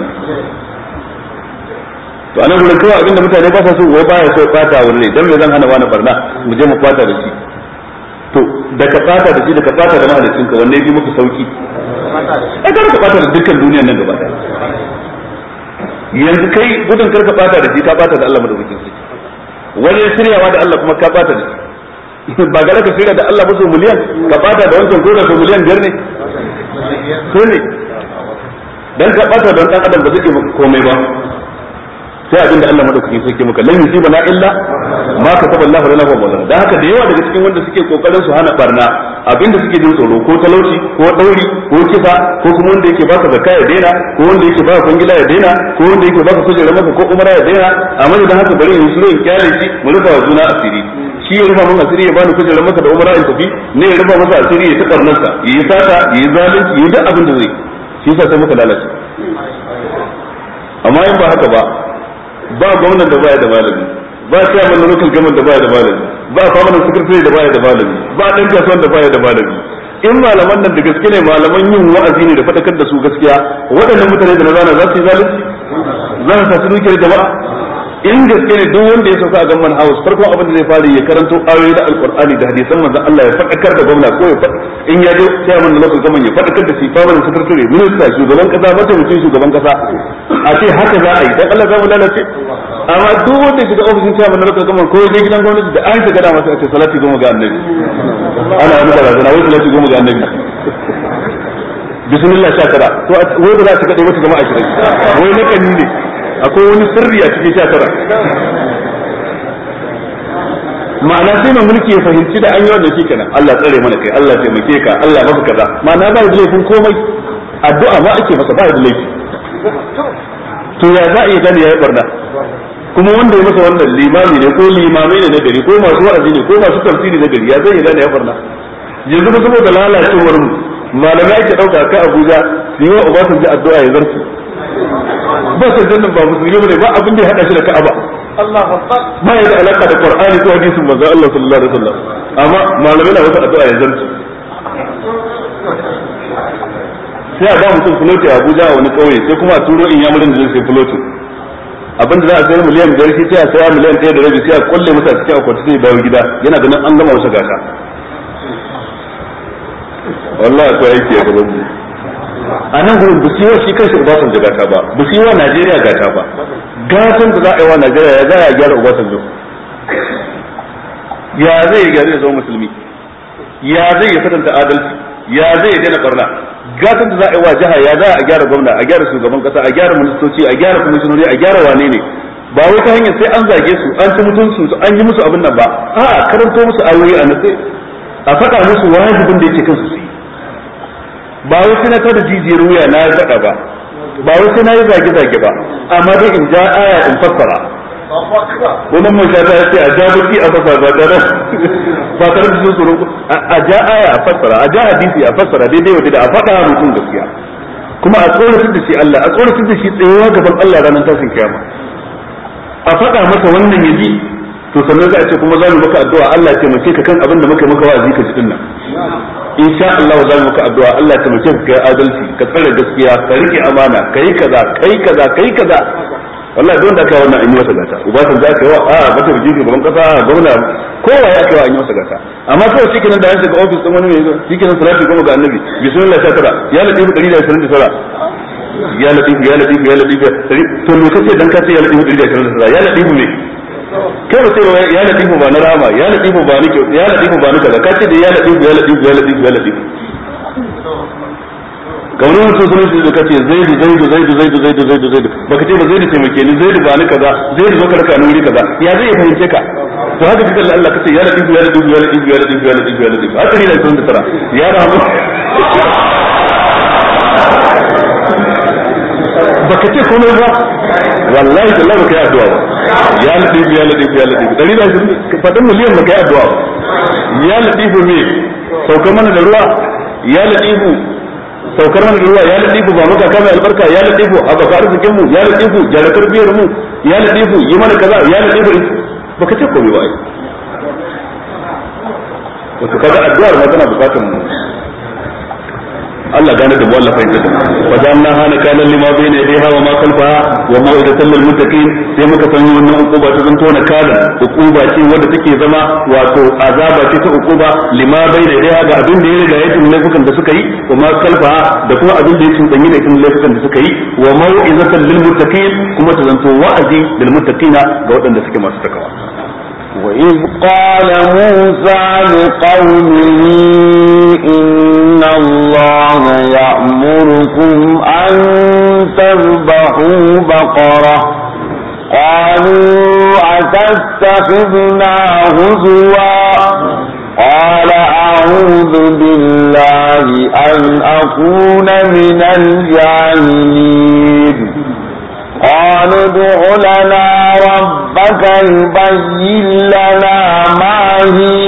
Speaker 1: to anan gurin kawai abinda mutane ba sa so wai baya so fata wani dan me zan hana wani barna mu je mu fata da shi to daga ka fata da shi daga ka fata da mahalicin ka wanne yafi muku sauki
Speaker 3: ai kada ka fata
Speaker 1: da dukkan duniyar nan gaba daya yanzu kai gudun kar ka fata da shi ka fata da Allah madaukakin sarki wani shiryawa da Allah kuma ka fata da shi ba ga ka shirya da Allah ba so miliyan ka fata da wancan ko so miliyan biyar ne ko ne dan ka fata don dan adam ba zai komai ba sai abinda Allah madaukaki sai ke maka lan zibana illa ma kataba Allah lana ba mawlana haka da yawa daga cikin wanda suke kokarin su hana barna abinda suke jin tsoro ko talauci ko dauri ko kisa ko kuma wanda yake baka zakka ya daina ko wanda yake baka kwangila ya daina ko wanda yake baka kujera maka ko umara ya daina amma da haka bari in shiru in kyale shi mu rufa wa asiri shi ya rufa maka asiri ya bani kujerar maka da umara in tafi ne ya rufa masa asiri ya tukar nasa ya yi sata ya yi zalunci ya yi duk abin da zai shi yasa sai muka lalace amma in ba haka ba ba gwamnan da baya da malami ba chairman na local government da baya da malami ba permanent secretary da baya da malami ba dan kasuwan da baya da malami in malaman nan da gaske ne malaman yin wa'azi ne da fadakar da su gaskiya waɗannan mutane da na zana za su yi zalunci za su saci dukiyar ba. in gaske ne duk wanda ya sauka a gamman house farkon abin da zai fara ya karanto ayoyi da alqur'ani da hadisan manzon Allah ya fadakar da gwamna ko ya fad in ya je sai mun lokacin gaman ya fadakar da shi fara da sakatare minista shugaban kasa mata mutum shugaban kasa
Speaker 2: a ce haka za a yi dan
Speaker 1: Allah za mu lalace amma duk wanda shiga ofishin sai mun lokacin gaman ko ya je gidan gwamnati da an shiga da masa a ce salati goma ga annabi ana yi da razana wai salati goma ga annabi bismillah sha kada to wai ba za ka kada wata jama'a shirin wai makani ne akwai wani sirri a cikin sha tara ma'ana sai mai mulki ya fahimci da an yi wannan shi kenan Allah tsare mana kai Allah taimake ka Allah maka kaza ma'ana ba da laifin komai addu'a ma ake masa ba da laifi to ya za a yi gani yayi barna kuma wanda ya masa wannan limami ne ko Limami ne na gari ko masu wa'azi ne ko masu tafsiri na gari ya zai yi gani ya barna yanzu ba saboda lalacewar mu malamai ake dauka ka Abuja su yi wa ji addu'a ya zarta. ba san jannan ba musulmi bane ba abin da ya hada shi da Ka'aba
Speaker 3: Allahu Akbar ba ya da alaka da Qur'ani ko
Speaker 1: hadisin manzo Allah sallallahu alaihi wasallam amma malamai na wata addu'a ya zanci sai a ba mutum fuloti a Abuja a wani kauye sai kuma a turo in yamurin da zai sai fuloti abin da za a sayar miliyan biyar shi sai a saya miliyan ɗaya da rabi sai a kulle masa cikin akwati sai bayan gida yana ganin an gama wasu gasa. wallahi akwai aiki a gaban mu a nan gurin busiwa shi kai su shi kanshi Obasanjo gata ba busiwa Najeriya gata ba gatan da za a yi wa Najeriya ya za a gyara Obasanjo ya zai gyara ya zama musulmi ya zai ya kwatanta adalci ya zai ya daina barna gatan da za a yi wa jiha ya za a gyara gwamna a gyara shugaban kasa a gyara ministoci a gyara kwamishinoni a gyara wane ne ba wai ta hanyar sai an zage su an ci mutuncin su an yi musu abin nan ba a'a karanto musu ayoyi a natsi a faɗa musu wajibin da yake kansu ba wai sai na ta da jijiyar wuya na faɗa ba ba wai sai na yi zage-zage ba amma dai in ja aya in fassara
Speaker 3: wannan mai shata ya ce a ja
Speaker 1: baki a fassara ba tare ba tare da sun tsoro a ja aya a fassara a ja hadisi a fassara daidai wa da a faɗa mutum gaskiya kuma a tsoratar da shi Allah a tsoratar da shi tsayewa gaban Allah ranar tashin kiyama a faɗa maka wannan ya to sannan za a ce kuma za mu maka addu'a Allah ya taimake ka kan abin da muka maka wa'azi ka ji dinnan insha Allah za mu ka addu'a Allah ta mace ka yi adalci ka tsare gaskiya ka rike amana kai kaza kai kaza kai kaza wallahi don da kai wannan an yi masa gata ubatan za ka yi wa a ah, bata biji ga gaban kasa ah, gwamna kowa ya kai wa an yi masa gata amma kawai shi kenan da ya shiga ofis din wani ne shi kenan salati kuma ga annabi bismillah ta tara ya latifu 129 ya latifu ya latifu ya latifu to me kace dan kace ya latifu 129 ya latifu me kai ba ya ya latifu ba na rama ya latifu ba ni ya latifu ba ni kaza kace ce da ya latifu ya latifu ya latifu ya latifu kamar wani sun sun da kace zaidu zaidu zaidu zaidu zaidu zaidu zaidu baka ce ba zaidu taimake ni zaidu ba ni kaza zaidu zo ka raka ni wuri kaza ya zai fahimce ka to haka kika Allah kace ya latifu ya latifu ya latifu ya latifu ya latifu ya latifu haka ne da sun da tara ya ramu baka ce komai ba wallahi tallahi baka kai addu'a ba ya latif ya latif ya latif dari da shi fadin miliyan baka yi addu'a ba ya latif me saukar mana da ruwa ya latif saukar mana da ruwa ya latif ba muka kama albarka ya latif abaka arzikin mu ya latif jarakar biyar mu ya latif yi mana kaza ya ba baka ce komai ba ai
Speaker 3: wato kaga addu'ar ma tana bukatar mu Allah
Speaker 1: gane da wallahi fa yadda fa zanna hana kana lima bayna yadayha wa ma khalfaha wa mau'idatan lil muttaqin sai muka san wannan ukuba ta zanto na kana ukuba ce wanda take zama wato azaba ce ta ukuba lima bayna yadayha ga abin da ya riga ya tun laifukan da suka yi wa ma khalfaha da kuma abin da ya tun danyi da tun laifukan da suka yi wa mau'izatan lil muttaqin kuma ta zanto wa'azi lil muttaqina ga waɗanda suke masu takawa وإذ قال
Speaker 2: موسى لقومه إن إن الله يأمركم أن تذبحوا بقرة قالوا أتستخذنا هزوا قال أعوذ بالله أن أكون من الجاهلين قالوا ادع لنا ربك يبين لنا ما هي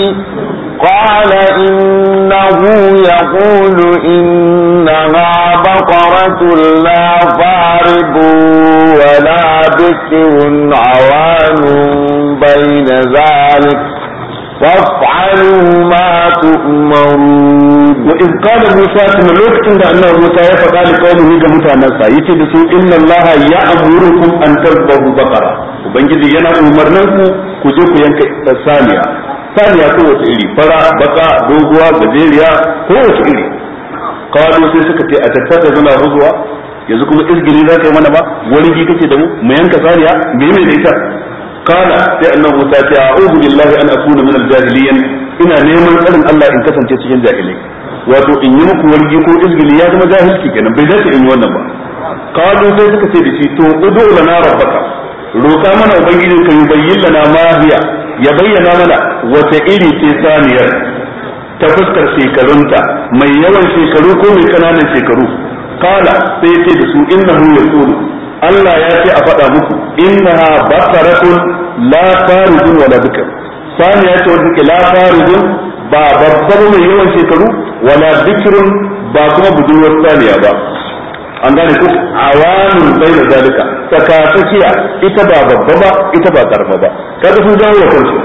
Speaker 2: قال إنه يقول إنها بقرة لا فارب ولا بكر عوان بين ذلك فافعلوا ما تؤمرون وإذ قال موسى كما لوكتن أنه موسى فقال قوله جمتا نسا يتدسو إن الله يأمركم أن
Speaker 1: تذبحوا بقرة وبنجد ينا أمرنكم كجوك ينكي الثانية saniya ko kowace iri fara baka doguwa gajeriya kowace iri kawo sai suka ce a tattata zuna huzuwa yanzu kuma izgiri za ka yi mana ba wani gi kake da mu mu yanka saniya me mai da ita kana sai annabi Musa ce a'udhu billahi an akuna min al-jahiliyin ina neman tsarin Allah in kasance cikin jahilai wato in yi muku wargi ko izgili ya zama jahilci kenan bai zai in yi wannan ba kalu sai suka ce da shi to udu lana rabbaka roka mana ubangiji ka yi bayyin lana ma hiya ya bayyana mana wata iri ce saniyar ta fuskar shekarunta mai yawan shekaru ko mai kananan shekaru kala sai ce da su inna ya yaqulu Allah ya ce a faɗa muku innaha baqaratun la farijun wala bikr saniya ce wanda ke la farijun ba babbar mai yawan shekaru wala bikrun ba kuma budurwar saniya ba an gane ku awanin bai da zalika tsakatsakiya ita ba babba ba ita ba karfa ba kaga sun jawo wa kansu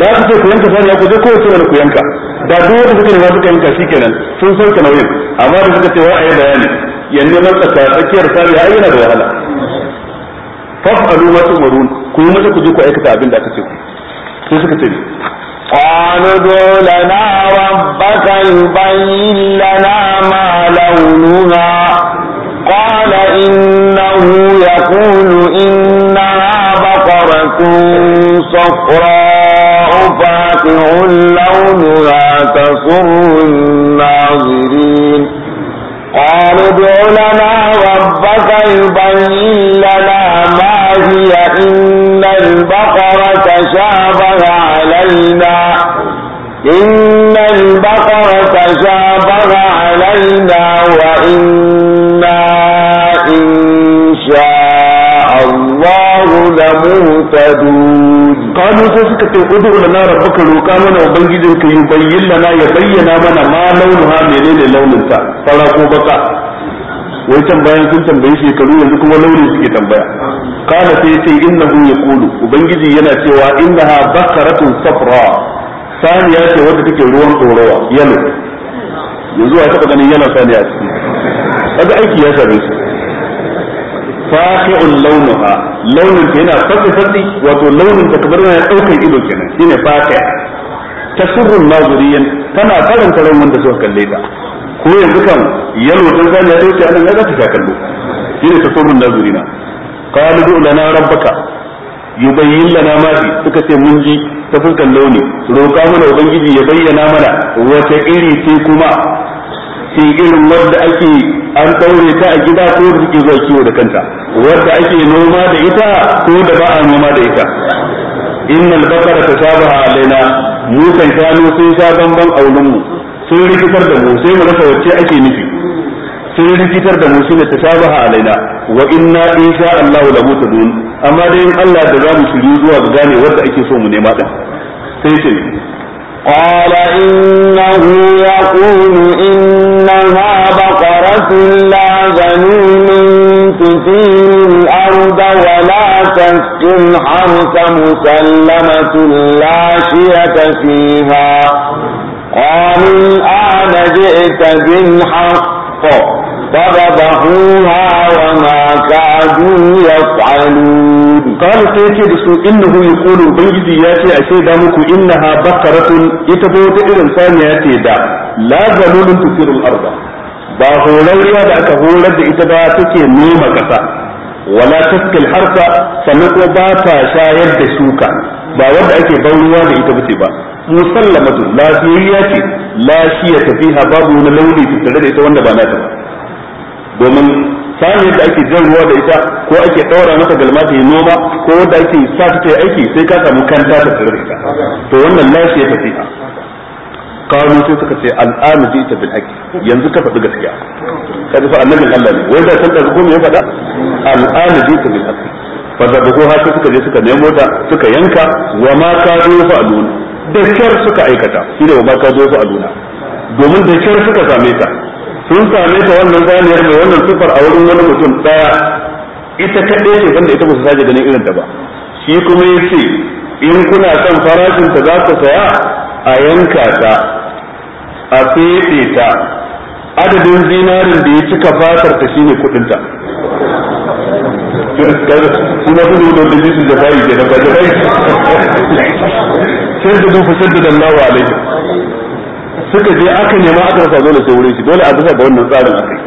Speaker 1: da su ce ku yanka ya ku je ko wace wani ku yanka da duk wanda suka riga suka yanka shikenan sun sauka nauyin amma da suka ce wa ayi bayani yanzu nan tsakatsakiyar ya yi yana da wahala fa'alu ma tumurun ku yi masa ku je ku aikata abin da aka ce ku sai suka ce
Speaker 3: قالوا
Speaker 2: ادع لنا ربك يبين لنا ما لونها قال إنه يقول إنها بقرة صفراء فاقع لونها تسر الناظرين قال ادع لنا ربك يبين لنا ما هي إن البقرة تشابه علينا إن البقرة تشابه علينا وإن muhtadun sai suka ce ud'u lana rabbaka roka mana
Speaker 1: ubangijin ka yubayyin lana ya bayyana mana ma launuha menene launin ta fara ko baka wai sun tambayi shekaru yanzu kuma launi suke tambaya kana sai ce innahu yaqulu ubangiji yana cewa innaha baqaratun safra saniya ce wadda take ruwan tsorowa yalo yanzu a taba ganin yana saniya ce kaga aiki ya same su. faqi'un launuha launin ta yana fadi fadi wato launin ta kamar yana daukar ido kenan shine ta tasurrun nazuriyan tana karanta ran wanda suka kalle ta ko yanzu kan yalo dan zani ya dauke anan ya ga ta kallo shine tasurrun nazurina qalu du lana rabbaka yubayyin lana ma fi suka ce mun ji ta fuskar launi roƙa mana ubangiji ya bayyana mana wace iri sai kuma sai irin wanda ake an ɗaure ta a gida ko da suke zuwa kiwo da kanta wadda ake noma da ita ko da ba a noma da ita innal bakara tashabaha alaina mu kan shanu sun sha bamban aulun mu sun rikitar da mu sai mu rasa wacce ake nufi sun rikitar da mu shine tashabaha alaina wa inna insha Allah la mutadun amma dai in Allah da zamu shiryu zuwa ga gane wanda ake so mu nema din sai ce
Speaker 2: قال إنه يقول إنها امرأة لا غنيم تثير الأرض ولا تسقي الحرث مسلمة لا شية فيها قالوا الآن جئت بالحق فذبحوها وما كادوا يفعلون قال سيتي دسو إنه يقول بنجدي ياتي أشيدا مكو إنها بقرة
Speaker 1: يتبوت إذن ثانية ياتي دا لا ذلول تثير الأرض ba horarwa da aka horar da ita ba take noma kasa wala taskil harfa sannan kuma ba ta shayar da shuka ba wanda ake ban ruwa da ita bace ba musallamatu lafiyayya ce lafiya tafiha babu wani launi tattare da ita wanda ba nata ba domin sami da ake jan ruwa da ita ko ake daura mata galma ta yi noma ko wanda ake sa ta aiki sai ka samu kanta ta tare da
Speaker 3: ita to wannan lafiya
Speaker 1: fiha kawo sai suka ce al'amu jita bil haqqi yanzu ka faɗi gaskiya ji fa annabin Allah ne wai da san da ko me faɗa al'amu jita bil haqqi fa da ko haka suka je suka nemo da suka yanka wa ma kadu fa aluna da kyar suka aikata shi ne wa ma kadu fa aluna domin da kyar suka same ta sun same ta wannan zaniyar mai wannan sifar a wurin wani mutum daya ita kaɗai ce wanda ita ba su saje ganin irin ta ba shi kuma yace in kuna son farashin ta za ku saya a yanka ta a fefe ta adadin zinarin da ya cika fatar ta shine kudin ta kuma su ne wadanda jisu jafa'i ke da bajirai sai da dufa shaddada lawa alaihi suka je aka nema aka rasa dole sai wurin shi dole a bisa ga wannan tsarin akai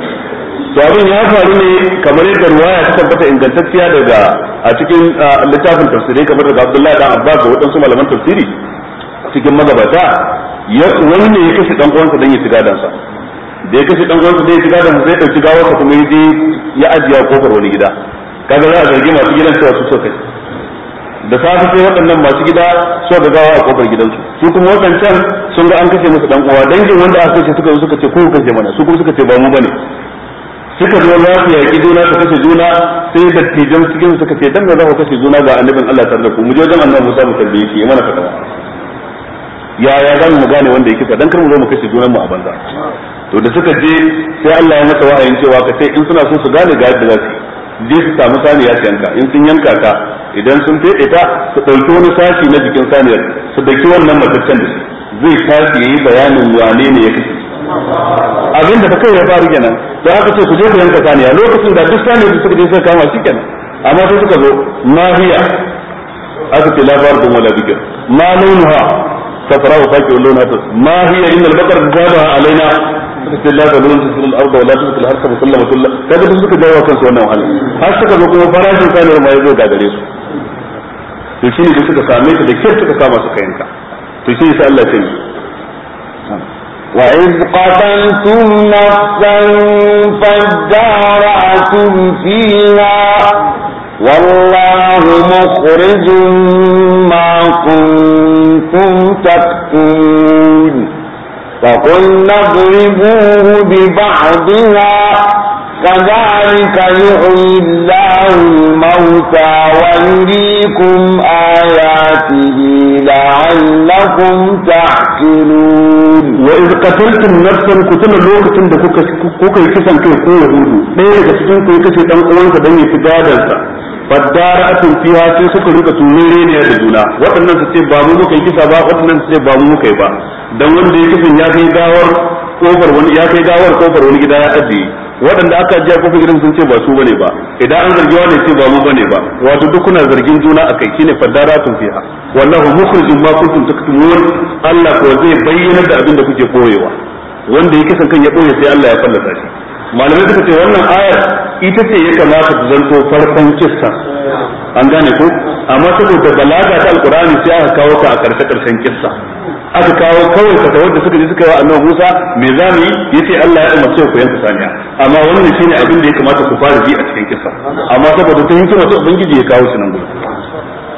Speaker 1: to abin ya faru ne kamar yadda ruwaya ta tabbata ingantacciya daga a cikin littafin tafsirai kamar daga Abdullahi dan Abbas da waɗansu malaman tafsiri cikin magabata wani ne ya kashe dan uwansa dan ya gadan sa da ya kashe dan uwansa dan ya gadan sa sai dauki sa kuma yaje ya ajiya kofar wani gida kaga za a zargi masu gidan cewa su suka da safe sai waɗannan masu gida su ga gawa a kofar gidansu su kuma waɗancan sun ga an kashe musu dan uwa dangin wanda aka kashe suka zo suka ce ko kashe mana su kuma suka ce ba mu bane suka zo za su yaƙi juna su kashe juna sai da tijan cikin suka ce dan me za ku kashe juna ga annabin Allah tare da ku mu je wajen annabi Musa mu tambaye shi mana fatawa yaya za mu gane wanda ya kisa dan kar mu zo mu kashe junan mu a banza to da suka je sai Allah ya masa wa'ayin cewa ka sai in suna son su gane ga yadda za su je su samu saniya su yanka in sun yanka ka, idan sun fede ta su ɗauki wani sashi na jikin saniyar su daki wannan mataccen da shi zai tashi yayi bayanin wane ne ya kashe abin da kai ya faru kenan to aka ce ku je ku yanka saniya lokacin da duk saniyar da suka je suka kama shi kenan amma sai suka zo mahiya aka ce labarin wala bikin ma launuha تقرأ فاكي اللون هذا ما هي إن البقرة تتابع علينا بسم الله تلون تسر الأرض ولا تسر الأرض وكل وكل كذا تسبك جاوة كان سوانا وحالي حسك بقوم فراش كان ما يزوي قاعد ليسو تشيني بسك ساميك لكيف تكسامة سكينك تشيني سأل الله
Speaker 2: تشيني وإذ قتلتم نفسا فادارأتم فيها والله مخرج ما كنتم تكتمون فقلنا اضربوه ببعضها كذلك يحيي الله الموتى ويريكم آياته لعلكم
Speaker 3: تعقلون
Speaker 2: وإذ قتلتم نفسا قتل لوكة da kuka yi kisan
Speaker 1: kai ko yahudu ɗaya daga cikin ku ya kashe ɗan faddara'atun fiha sai suka rika turere ne da juna waɗannan su ce ba mu muka yi kisa ba waɗannan su ce ba mu muka yi ba dan wanda ya kisan ya kai gawar kofar wani ya kai gawar kofar wani gida ya ajiye waɗanda aka ajiye kofar gidan sun ce ba su bane ba idan an zargi wani ce ba mu bane ba wato duk kuna zargin juna akai shine faddara faddara'atun fiha wallahu mukhrijum ma kuntum taktumun Allah ko zai bayyana da abin da kuke koyewa wanda ya kisan kan ya koye sai Allah ya fallasa shi malamai suka ce wannan ayar ita ce ya kamata ta zanto farkon kissa an gane ko amma saboda balaga ta alkurani sai aka kawo ta a karshe karshen kissa aka kawo kawai ka ta da suka je suka yi annabi Musa me za mu yi yace Allah ya umarce ku yanka saniya amma wannan shine abin da ya kamata ku fara ji a cikin kissa amma saboda ta hikima ta ubangiji ya kawo shi nan gurin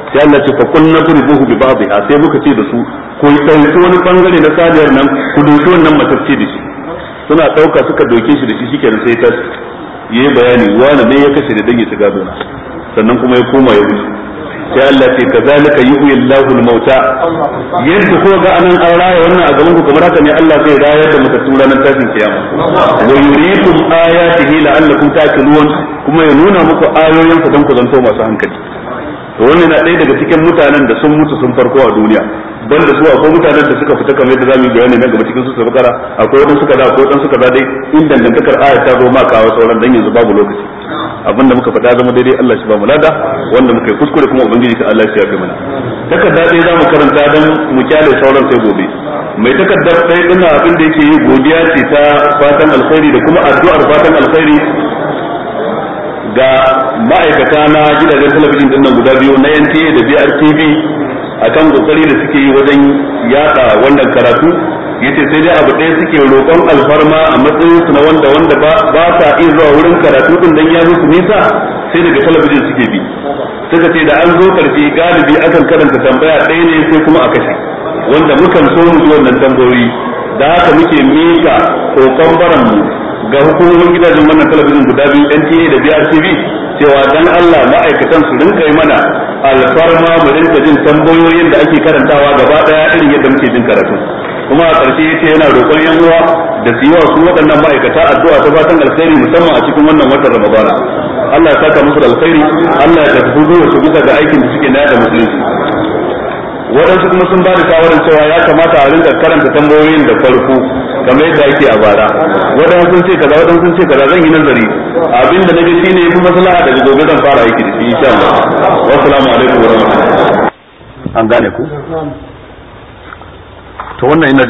Speaker 1: sai Allah ce fa kunna buhu bi ba'dha sai muka ce da su ko sai wani bangare na sadiyar nan ku doshi wannan matacce da shi suna ɗauka suka doke shi da shi shikenan sai ta yi bayani wani ne ya kashe da dan ya shiga gona sannan kuma ya koma ya wuce sai Allah ce kazalika yi Allahu al-mauta yadda ko ga anan an raya wannan a gaban ku kamar haka ne Allah zai rayar da mutattu ranar tashin kiyama wa yuriikum ayatihi la'allakum taqilun kuma ya nuna muku ayoyin ku don ku zanto masu hankali to wannan na ɗaya daga cikin mutanen da sun mutu sun farko a duniya ban da su akwai mutanen da suka fita kamar yadda zamu yi bayani nan gaba cikin su suka akwai a ko akwai suka da dai in dangantakar aya ta zo ma kawo sauran dan yanzu babu lokaci abin da muka faɗa zama daidai Allah shi ba mu lada wanda muka yi kuskure kuma ubangiji ta Allah shi ya kai mana takarda dai zamu karanta dan mu kyale sauran sai gobe mai takardar dai ina abin da yake yi godiya ce ta fatan alkhairi da kuma addu'ar fatan alkhairi ga ma'aikata na gidajen talabijin dinnan guda biyu na yanke da BRTV akan kokari da suke yi wajen yada wannan karatu ya ce sai dai abu ɗaya suke roƙon alfarma a matsayin su na wanda wanda ba sa iya zuwa wurin karatu din dan ya su nisa sai daga talabijin suke bi suka ce da an zo karfi galibi akan karanta tambaya ɗaya ne sai kuma a kashe wanda mukan so mu zuwa wannan tambayoyi da haka muke mika kokon baran mu ga hukumomin gidajen wannan talabijin guda biyu NTA da BRTV cewa dan Allah ma'aikatan su rinka yi mana alfarma mu rinka jin tambayoyin da ake karantawa gaba daya irin yadda muke jin karatu kuma a ƙarshe ce yana roƙon yan uwa da su yawa su waɗannan ma'aikata addu'a ta fatan alkhairi musamman a cikin wannan watan Ramadana Allah ya saka musu alkhairi Allah ya tafi su bisa ga aikin da suke na da musulunci waɗansu kuma sun ba da shawarar cewa ya kamata a rinka karanta tambayoyin da farko kamar yadda ake a bara waɗansu sun ce kaza waɗansu sun ce kaza zan yi nazari abin da nake shine yafi maslaha daga gobe zan fara aiki da shi insha Allah
Speaker 3: assalamu alaikum wa rahmatullahi an gane ku to wannan